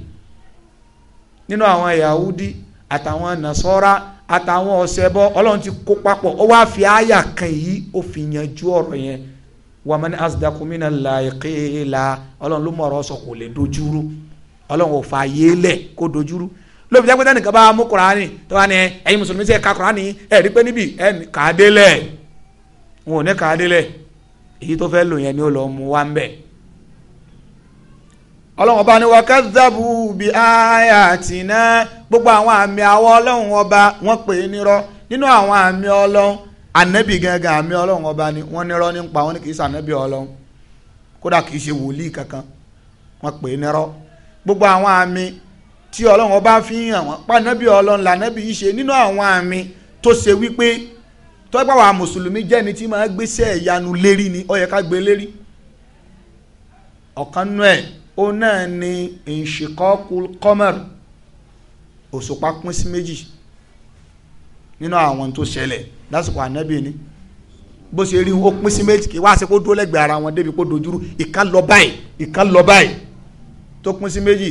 nínú àwọn Yahudi àtàwọn Nasara àtàwọn ọ̀sẹ̀bọ ọlọ́run ti kó papọ̀ ó wáá fi àyà kan yìí ó fi yanjú ọ̀rọ̀ yẹn wàmán asidakumina làìkéèlà ọlọ́run ló mọ̀ ọ̀rọ̀ sọ kò lè dojúrú ọlọ́run ò fà yé kó dojúrú lóbi jágbé dání kaba mú Kùránì tó wà ní ẹ̀yin mùsùlùmí sẹ́ẹ̀ ká Kùránì ẹ̀ rí pé níbi ẹ̀ kàdé lẹ̀ wọn ò ní kàn á délẹ̀ èyí tó fẹ́ lò yẹn ni ó lọ mú wa ń bẹ̀. ni wọ́n bí gbogbo àwọn àmì awọ ọlọ́run ọba wọ́n pè é nírọ́ nínú àwọn àmì ọlọ́run gangan àmì ọlọ́run ọba ni wọ́n nírọ́ nípa wọn ni kì í sànẹ́bì ọlọ́run kódà kì í ṣe kankan wọ́n pè é gbogbo àwọn àmì tí ọlọ́run ọba fi hàn wọ́n ọlọ́run yìí ṣe nínú àwọn àmì tó ṣe tọ́pẹ́ àwọn mùsùlùmí jẹ́ ẹni tí máa gbéṣẹ́ ìyanu lérí ni ó yẹ ká gbé lérí ọ̀kan nú ẹ̀ ó náà ni ìṣìkọ́kù kọ́mẹ̀rù òṣùpá pín sí méjì nínú àwọn tó ṣẹlẹ̀ lásìkò ànábì ni bó ṣe rí ó pín sí méjì kí wá sí kó dúró lẹ́gbẹ̀ẹ́ ara wọn débi kó dojúrú ìkan lọ báyìí ìkan lọ báyìí tó pín sí méjì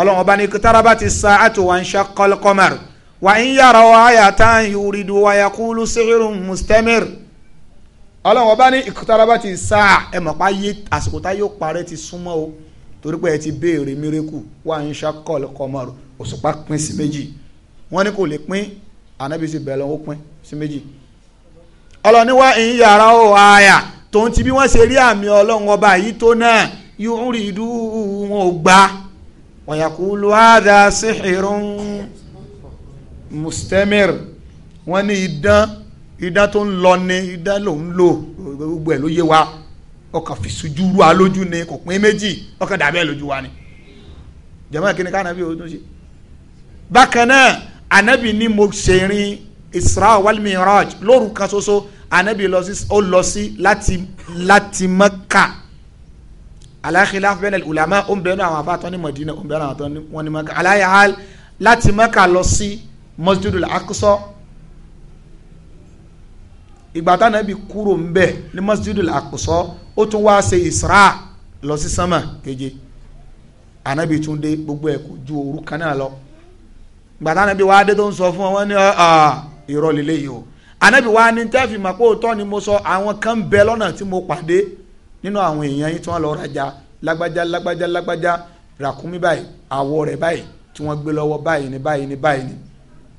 ọlọ́run ọba ní kí tárábà ti sa àtòwà kọ́lọ́kọ́mẹ̀rù wà ń yàrá wáyà tá à ń yuridu wáyà kúlù sihirun mustamir ọlọ́run ọba ní ìkútaraba ti sá ẹ mọ̀ pa yé àsìkò tá yóò parẹ́ ti súnmọ́ o torí pé ẹ ti béèrè mírèkù wà ń ṣàkọọ̀lù kọmọrù òṣùpá pín sí méjì wọ́n ní kò lè pín ànábì sì bẹ̀rẹ̀ ó pín sí méjì ọlọ́ni wá ń yàrá wáyà tòun ti bí wọ́n ṣe rí àmì ọlọ́run ọba yìí tó náà yuridu wọn ò gbà wàyà kúlù hada sihirun mustemir wọ́n ní idán idán tó ń lọ ni idán ló ń lò gbogbo ẹ̀ ló yé wa ọkàn fi sujúru wa lójú ni kò pín méjì ọkàn dàbẹ́ lójú wa ni jama kí ni ká anabi ọdún ṣe bákan náà anabi ni mo ṣe rin isra wal miraj lóru kan ṣoṣo anabi ó lọ sí láti láti maka aláxilá bẹ́ẹ̀ ulama ó ń bẹ́ẹ̀ náà àwọn afáàtọ́ ní madina ó ń bẹ́ẹ̀ náà àwọn afáàtọ́ ní wọn ní maka aláyàhál láti maka lọ sí masjidul aqsa ìgbà tí Ànábì kúrò ń bẹ̀ ní masjidul aqsa ó tún wá ṣe isra lọ sí sánmà keje Ànábì tún dé gbogbo ẹ̀ kò ju òru kan náà lọ ìgbà tí Ànábì wá dé tó ń sọ fún wọn ní ah, ah, irọ́ lélẹ́yìí o Ànábì wá ní tẹ́fì mọ̀ pé òótọ́ ni mo sọ àwọn kan ń bẹ lọ́nà tí mo pàdé nínú àwọn èèyàn yìí tí wọ́n lọ rajà lágbájá lágbájá lágbájá ràkúnmí báyìí àwọ̀ rẹ̀ báyìí tí wọ́n gbé lọ́wọ́ báyìí ní báyìí ní báyìí ní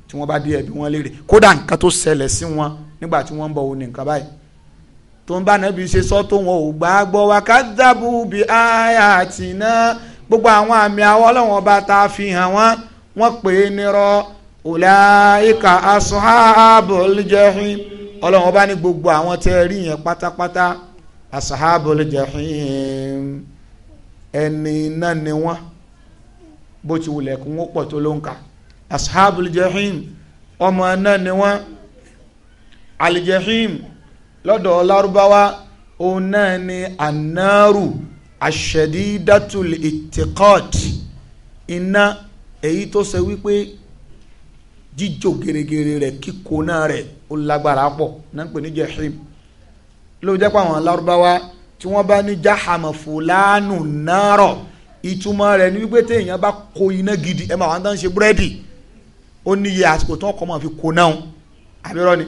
tí wọ́n bá dé ẹbí wọn léèrè kódà nǹkan tó ṣẹlẹ̀ sí wọn nígbà tí wọ́n ń bọ̀ wò ní nǹkan báyìí tó ń bá nàbí ṣe sọ tó wọn ò gbàgbọ́ wa ká dábù bí ayatina gbogbo àwọn àmì àwọn ọlọ́wọ́n bá ta fi hàn wọ́n wọ́n pè é nírọ́ ulaika ashabul jahim ọlọ́wọ́n bá ní gbogbo àwọn tẹ́ rí yẹn pátápátá ashabul jahim ẹni náà ni wọ́n bó ti wulẹ̀ kí wọ́n pọ̀ tó ló ń kà ashabul jahim ọmọ náà ni wọ́n aljahim lọ́dọ̀ lárúbáwá òun náà ni anáàrù ashadidatul itiqat iná èyí tó ṣe wípé jíjò gèrègèrè rẹ̀ kíkó náà rẹ̀ ó lágbára pọ̀ náà ń pè ní jahim ló jẹ́ pé àwọn tí wọ́n bá ní jahama fulanu naro ìtumọ̀ rẹ̀ ni wípé téèyàn bá kó iná gidi ẹ̀ máa wọn tán ṣe búrẹ́dì ó níye àsìkò tí máa fi kó náà àbírọ́ ni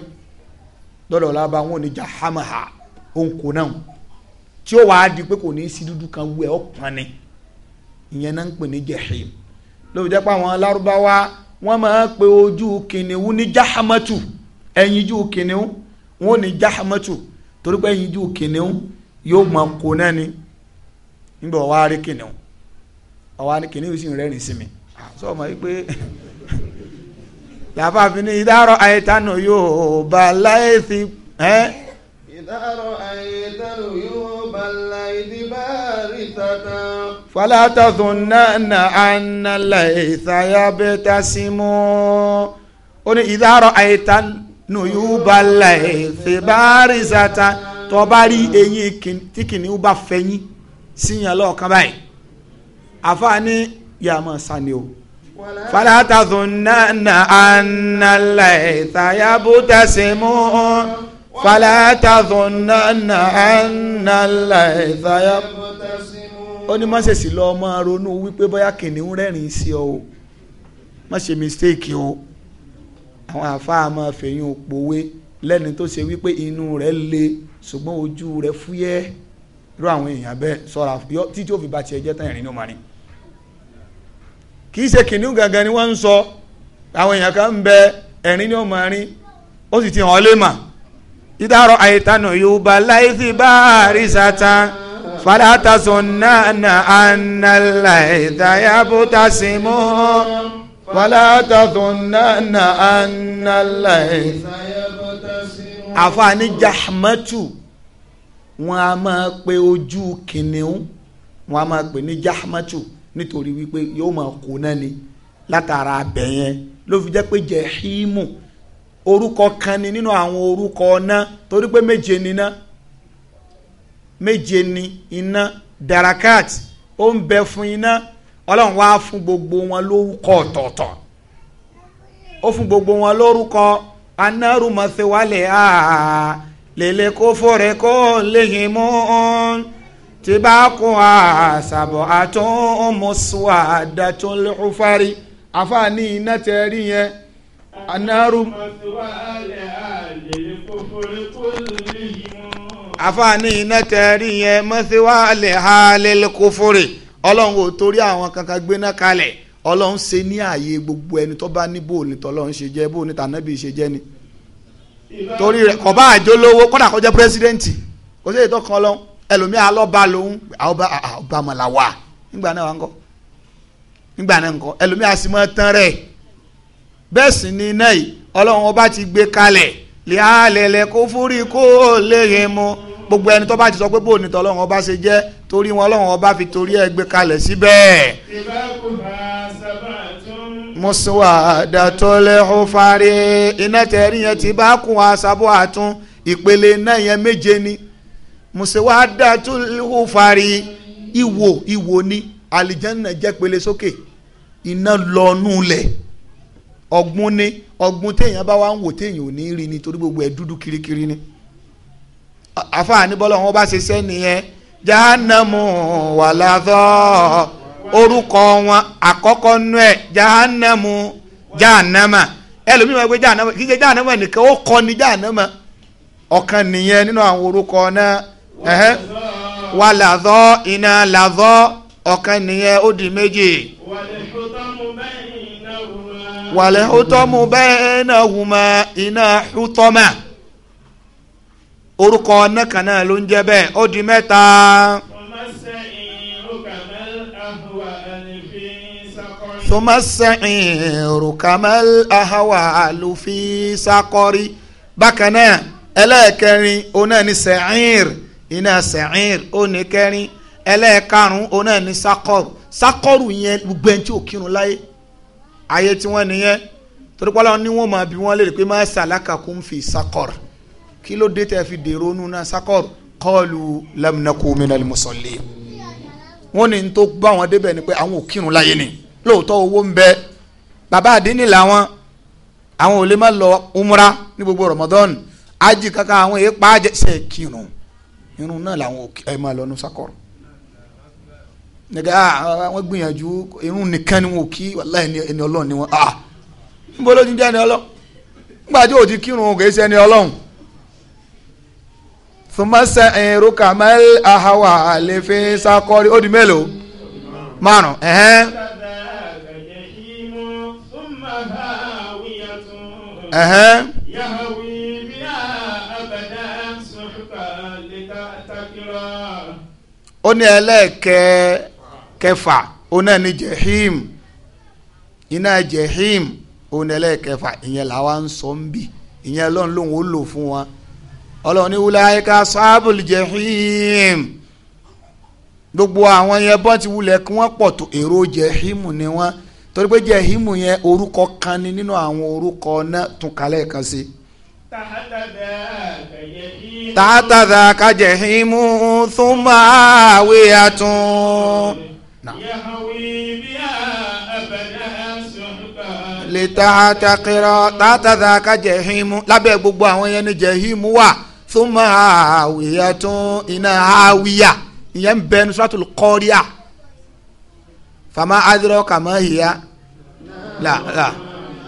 lọ́dọ̀ lába wọn ò ní jahamaha ó ń kó náà tí ó wàá di pé kò ní í sí dúdú kan wú ẹ ọ̀pọ̀n ni ìyẹn náà ń pè ní jahim lóbi jẹ́ pé àwọn lárúbáwá wọ́n máa ń pe ojú kìnìún ní jahamatu ẹyinjú kìnìún wọn ò ní jahamatu torí pé ẹyinjú kìnìún yóò máa kó náà ni nígbà wàá rí kìnìún kìnìún sì ń rẹ́rìn sí mi sọ ma pé làbá fi ní ìdárọ̀ àìtánù yóò bá láìsí. ìdárọ̀ àìtánù yóò bá láìsí bá rí tata. falátàtún náà nà ánà láìsá yá bẹ́ tá sí mọ́. ó ní ìdárọ̀ àìtánù yóò bá láìsí bá rí tata tó eyín tí kìnìún bá fẹ̀yìn síyàn lọ́ọ̀kan báyìí àfa ní yàmọ̀ sani o. فلا تظنن أن الليث يبتسم فلا تظنن أن الليث يبتسم ó ní má ṣèṣì lọ máa ronú wípé bóyá kìnìún rẹ́rìn sí ọ o má ṣe mistake o àwọn àfáà máa fẹ̀yìn òpòwe lẹ́ni tó ṣe wípé inú rẹ̀ le ṣùgbọ́n ojú rẹ̀ fúyẹ́ irú àwọn èèyàn bẹ́ẹ̀ sọ́ra títí ó fi ba tiẹ̀ jẹ́ tán ìrìn ní òmàrin kì í ṣe kìnìún gangan ni wọ́n ń sọ àwọn èèyàn kan ń bẹ ẹ̀rín ni ó rín ó sì ti hàn ọ́ lé mà. ìdárọ̀ àìtánà yorùbá láìsí bá ànàlà sí mọ́ fàlàtà sọ̀nàna ànàlà ìdáyà nà àfààní jahmatu wọn a ojú kìnìún wọn a máa nítorí wípé yóò máa kó náà ni látara abẹ yẹn ló fi jẹ́ pé jẹ̀hímù orúkọ kan ni nínú àwọn orúkọ ọ̀nà torí pé méje méje ni iná darakat ó ń bẹ fún iná ọlọ́run wá fún gbogbo wọn lórúkọ ọ̀tọ̀ọ̀tọ̀ ó fún gbogbo wọn lórúkọ anárùmọ̀sẹ̀wálẹ̀ àà lèlè kó fọ́rẹ́ kó lèyìn mọ́ ọ́n. tibakuha sab'atun muswadatul hufari àfààní iná tẹ rí yẹn anáru. àfààní iná tẹ rí yẹn mọ́síwá lè ha lélẹ́ kó fúre ọlọ́run ò torí àwọn kankan gbéná kalẹ̀ ọlọ́run ṣe ní ààyè gbogbo ẹni tó bá ní bóòlù tọ́lọ́run ṣe jẹ́ bóòlù tànàbí ṣe jẹ́ ni torí rẹ̀ kọ̀ bá àjọ lówó kódà kó jẹ́ pírẹ́sidẹ́ǹtì kó sì ètò kan lọ́hùn ẹlòmíà lọ́ba lòun ọba ah, ọba ah, mọ̀lá wà nígbà náà wà ń kọ́ nígbà náà ń kọ́ ẹlòmíà sì mọ́ tán rẹ̀ bẹ́ẹ̀ sì ni iná yìí ọlọ́run ọba ti gbé kalẹ̀ lẹ́àlẹ́lẹ́ kó fúri kó lè yẹn mu gbogbo ẹni tó bá ti sọ pé bóòní tó ọlọ́run ọba ṣe jẹ́ torí wọn ọlọ́run ọba fi torí ẹ gbé kalẹ̀ síbẹ̀. mùsùlùmá dàtọ́lẹ̀ ọ̀fàrẹ́ iná tẹ̀rí yẹn ti bá kún aṣábọ̀ àtún ìpele náà yẹn méje ni. musewaddatul hufari ìwò ìwò ni alijanna jẹ́ pele sókè iná lọ́nù lẹ̀ ọ̀gbun ni ọ̀gbun téèyàn bá wà ń ní ni torí gbogbo ẹ̀ dúdú kirikiri ni àfààní bọ́lá wọn bá ṣe sẹ́ni yẹn jahannamu wàlàdọ́ orúkọ wọn àkọ́kọ́ nú ẹ̀ jahannamu jahannama gbé jahannama kíkẹ́ jahannama nìkan ó kọ́ ni jahannama ọ̀kan nìyẹn nínú àwọn orúkọ náà wà làdọ́ iná làdọ́ ọ̀kan nìyẹn ó di méjì wàlẹ̀ hútọ́mù bẹ́ẹ̀ náà hùmà iná hútọ́mà orúkọ ọ̀nà kan náà ló ń jẹ́ bẹ́ẹ̀ ó di mẹ́ta. sọmọsẹ́yìn rukamal ahawa alufi sakori bákan náà ẹlẹ́ẹ̀kẹrin onáà ní sẹ́yìn iná sẹ̀hìn oníkẹrin ẹlẹ́ẹ̀karùn-ún oná ní sakọ́rù sakọ́rù yẹn gbogbo ẹni tí ò kírun láyé ayé tí wọ́n nìyẹn torípọ́lá ni wọ́n máa bí wọ́n léèrè pé máa sàlákà kún fi sakọ́rù kí ló dé tẹ́ fi dèrò nù náà sakọ́rù kọ́ọ̀lù lamnaku minal musalli wọ́n ní tó bá wọn débẹ̀ ni pé àwọn ò kírun láyé ni lóòótọ́ owó ń bẹ bàbá àdínní làwọn àwọn ò lè má lọ umra ní gbogbo Ramadan ají kankan àwọn èèpá jẹsẹ̀ kírun irun náà làwọn òkè ẹ máa lọ́nu sákọ̀rọ̀ nígbà àwọn ah, ah, gbìyànjú irun nìkan ni wọn ò kí wàláhì ẹni ọlọ́run ni wọn ah níbo ló ti jẹ́ ẹni ọlọ́run nígbà tí ò ti kírun kò ṣe ẹni ọlọ́run fúnmọ́sẹ̀ ẹ̀rọ kàmẹ́l ahawa lè fi ó di mélòó márùn ẹ̀hẹ́n. ẹ̀hẹ́n. ó ní ẹlẹ́ẹ̀kẹ́ kẹfà òun náà ní jehim iná jehim òun ní ẹlẹ́ẹ̀kẹfà ìyẹn làwa ń sọ ń bì ìyẹn lòun ó lò fún ọlọ́run ní wúlẹ̀ sábùl jehim gbogbo àwọn yẹn bọ́n ti wulẹ̀ kí wọ́n pọ̀ tó èrò jehim ni wọ́n torí pé jehim yẹn orúkọ kan ni nínú àwọn orúkọ náà tún kalẹ̀ kan تحت ذاك جحيم ثم آوية يهوي بها أبدا سحبا لتعتقر تحت ذاك جحيم lábẹ́ gbogbo àwọn yẹn ni jẹ̀hímù wà ثم آوية iná áwíyà ìyẹn ń bẹ ní suratul fama adraka ma hiya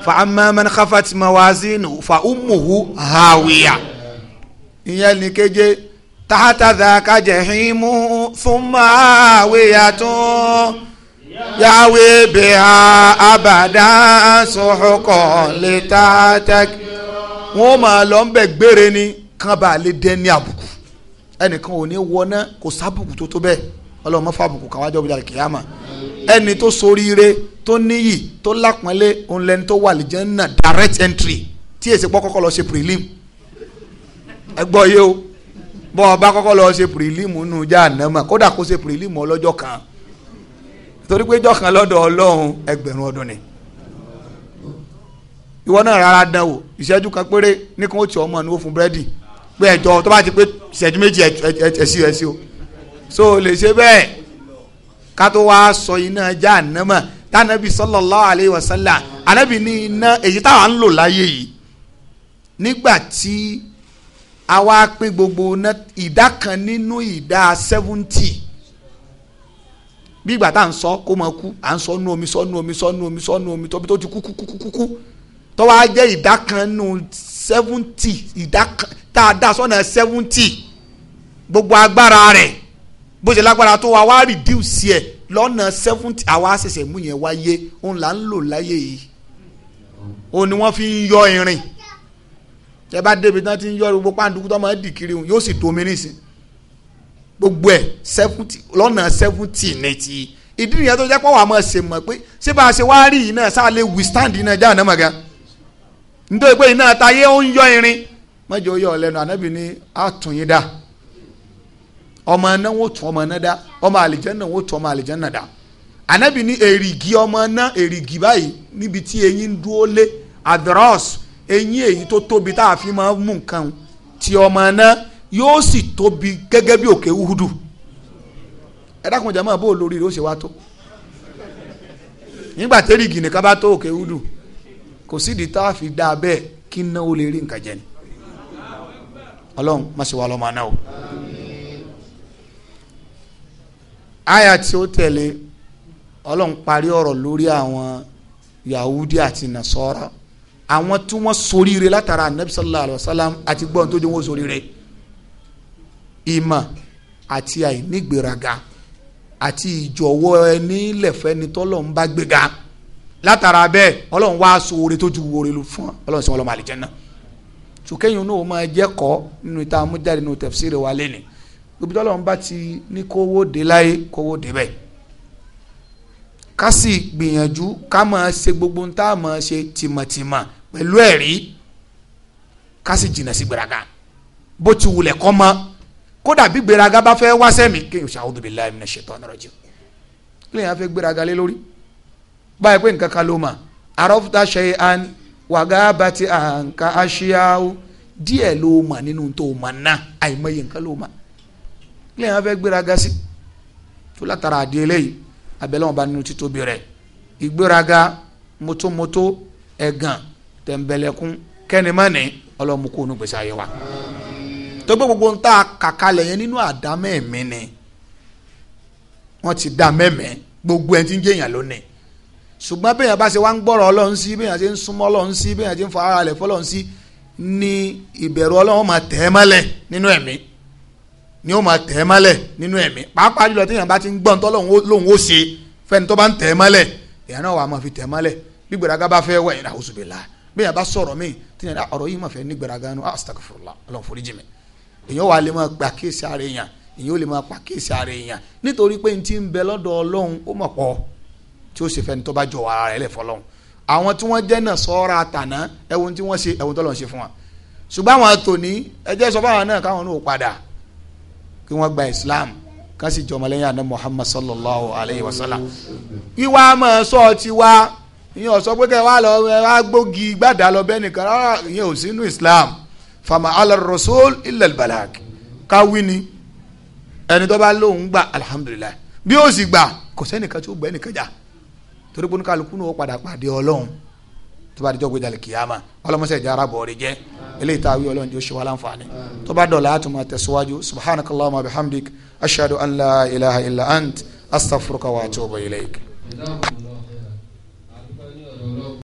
fa amaman khafat mawazinu fa umuhu hawiya ìyẹn ní keje tahata dhaka jahimu thumma hawiyatun yahwi biha abada suhuqan li tahtak wọn máa lọ ń bẹ gbére ni kán bá lè dẹ ní àbùkù ẹnìkan ò ní wọná kò sábùkù tó tó bẹ́ẹ̀ ọlọ́run mọ́fà àbùkù káwájọ́ bí dàrí kìyàmà ẹni tó soríire tó níyì tó lápọ́nlé òun lẹni tó wà lìjẹ́nà direct entry tí èsì pọ́ kọ́kọ́ lọ ṣe prelim ẹ gbọ́ yé o bọ́ ọba kọ́kọ́ lọ ṣe prelim nù jáànámà kódà kó ṣe prelim ọlọ́jọ́ kan torí pé jọ̀kan lọ́dọ̀ ọlọ́run ẹgbẹ̀rún ọdún ni ìwọ náà rárá dán o ìṣẹ́jú kan péré ní kí ti ọmọ ní ó fún búrẹ́dì pé ẹ̀jọ̀ tó bá ti pé ìṣẹ́jú méjì ẹ̀sí ẹ̀sí o so lè ṣe bẹ́ẹ̀ kátó wá sọ iná jahannama tànàbí sallallahu alayhi wa sallam ànábì ní iná èyí táwa ń lò láyé yìí nígbà tí a wá pín gbogbo iná ìdá kan nínú ìdá seventy bí ìgbà tá à ń sọ kó máa kú à ń sọ nú omi sọ nú omi sọ nú omi sọ nú omi tóbi tó ti kú kú kú kú kú tó wá jẹ́ ìdá kan nù seventy ìdá kan tá a dá sọ́nà seventy gbogbo agbára rẹ̀ bó ṣe lágbára tó wa wá reduce ẹ̀ lọ́nà seventy àwa ṣẹ̀ṣẹ̀ mú yẹn wáyé òun là ń lò láyé yìí òun ni wọ́n fi ń yọ irin tẹ bá débi tí wọ́n ti ń yọ gbogbo pàǹdùkú tó máa ń dì kiri yóò sì tó omi nísìn gbogbo ẹ̀ seventy lọ́nà seventy ní ti ìdí nìyẹn tó jẹ́ pọ́ wàá mọ̀ ṣe mọ̀ pé ṣé bá a ṣe wá rí yìí náà sáà lè withstand iná jáà náà mọ̀ gan nítorí pé iná tayé ó ń yọ irin mọ̀jọ́ yọ ọ lẹ́nu ànábì ọmọ iná wọn tún ọmọ iná dá ọmọ àlìjẹ́nà wọn tún ọmọ àlìjẹ́nà dá ànábì ní èrìgì ọmọ iná èrìgì báyìí níbi tí eyín ń dúró lé adros eyín èyí tó tóbi tá a fi máa ń mú nǹkan ti ọmọ iná yóò sì tóbi gẹ́gẹ́ bí òkè Uhudu ẹ dákun jẹ́ máa bó olórí rẹ̀ ó ṣe wá tó nígbà tẹ́rìgì nìkan bá tó òkè Uhudu kò sídìí tá a fi dá a bẹ́ẹ̀ kí ná lè rí nǹkan jẹ ni ọlọ́run má ṣe wà lọ́mọ náà o. Aya tí ó tẹ̀lé ọlọ́run parí ọ̀rọ̀ lórí àwọn yahudi ati nasọ́ra àwọn tí wọ́n soríire látara anabi sallallahu alayhi wa sallam àti gbọ́n tó dé wọ́n soríire ìmọ̀ àti àìnígbéraga àti ìjọ̀wọ́ ẹni lẹ̀fẹ́ni tọ́lọ́run bá gbéga látara bẹ́ẹ̀ ọlọ́run wá so oore tó ju oore lu fún ọlọ́run sọ ọlọ́run àlìjẹ́ náà sùkẹ́yìn náà ó máa jẹ́ kọ́ nínú ìta wa lẹ́nìí gbogbo tọ́lọ́run bá ti ní kówó dé láyé kówó dé bẹ́ẹ̀ ká sì gbìyànjú ká máa ṣe gbogbo tá a máa ṣe tìmọ̀tìmọ̀ pẹ̀lú ẹ̀rí ká sì jìnnà sí gbéraga bó ti wulẹ̀ kọ́ mọ́ kódà bí gbéraga bá fẹ́ wá sẹ́mi kéèyàn ṣàwùdù billahi minash shaitani rajim kílẹ̀ yẹn fẹ́ gbéraga lé lórí báyìí pé nǹkan kan ló mà arọ́fúta ṣe an wàgá bàtí àǹkà àṣìyàwó díẹ̀ ló mà nínú tó mà ná àìmọye nǹkan ló mà kílẹ̀ yẹn fẹ́ gbéraga sí tó látara àdé eléyìí abẹ́lẹ́ wọn bá nínú títóbi rẹ̀ ìgbéraga mótómótó ẹ̀gàn tẹ̀m̀bẹ̀lẹ̀kún kẹ́nìmọ́nì ọlọ́mukúnú gbèsè ayé wa tó gbé gbogbo ń ta kàkálẹ̀ yẹn nínú àdámẹ́ẹ̀mí ni wọ́n ti dá mẹ́mẹ́ gbogbo ẹni tí ń jẹ́yàn lónìí ṣùgbọ́n bẹ́yàn bá ṣe wá ń gbọ́rọ̀ ọlọ́run sí bẹ́yàn ṣe ń súnmọ́ ọlọ́run sí bẹ́yàn ṣe ń fọ ara rẹ̀ fọlọ́run sí ni ìbẹ̀rù ọlọ́run máa tẹ̀ ẹ́ mọ́lẹ̀ nínú ẹ̀mí ni ó máa tẹ̀ ẹ́ mọ́lẹ̀ nínú ẹ̀mí pàápàá jùlọ téèyàn bá ti ń gbọ́n tọ́lọ́hún lòun ó ṣe fẹ́ni tó bá ń tẹ̀ ẹ́ mọ́lẹ̀ èèyàn náà wàá máa fi tẹ̀ ẹ́ mọ́lẹ̀ bí gbèrágá bá fẹ́ wẹ̀ ẹ̀yìn àwùjọ bẹ̀là bí èèyàn bá sọ̀rọ̀ míì téèyàn dá ọ̀rọ̀ yìí máa fẹ́ ní gbèrágá nu astagfirullah ọlọ́run foríjì mi èèyàn wàá lè máa gbà kíyèsí ara èèyàn èèyàn ó lè máa pa kíyèsí ara èèyàn nítorí pé n ti ń bẹ lọ́dọ̀ ọlọ́run ó mọ̀ pọ̀ tí ó ṣe fẹ́ni tó bá jọ ara rẹ̀ lẹ̀ fọlọ́run àwọn tí wọ́n jẹ́ náà sọ́ra àtàná ẹ̀wọ̀n tí wọ́n ṣe ẹ̀wọ̀n tó lọ́n ṣe fún kí wọ́n gba islam ká sì jọmọ lẹ́yìn àná muhammad sallallahu alayhi wa sallam. wíwá mọ̀ sọ ti wá ìyẹn ò sọ pé kẹ́ wá lọ wá gbógi gbàdá lọ bẹ́ẹ̀ nìkan rárá ìyẹn ò sínú islam fama ala rasul illa albalag ká wí ni ẹni tó bá lóun gbà alhamdulilayi bí ó sì gbà kò sẹ́nìkan tó gbẹ́ nìkan jà torí pé oníkàlùkù náà ó padà pàdé ọlọ́run tó bá di jọ́gbé dalẹ̀ kìyàmà ọlọ́mọṣẹ́ ìjà ara bọ̀ọ̀rẹ̀ jẹ́ eléyìí tá a wí ọlọ́run jẹ́ oṣù wa láǹfààní tó bá dọ̀la àtún máa tẹ̀síwájú subhanakallahumma wa bihamdik ashhadu an la ilaha illa ant astaghfiruka wa atubu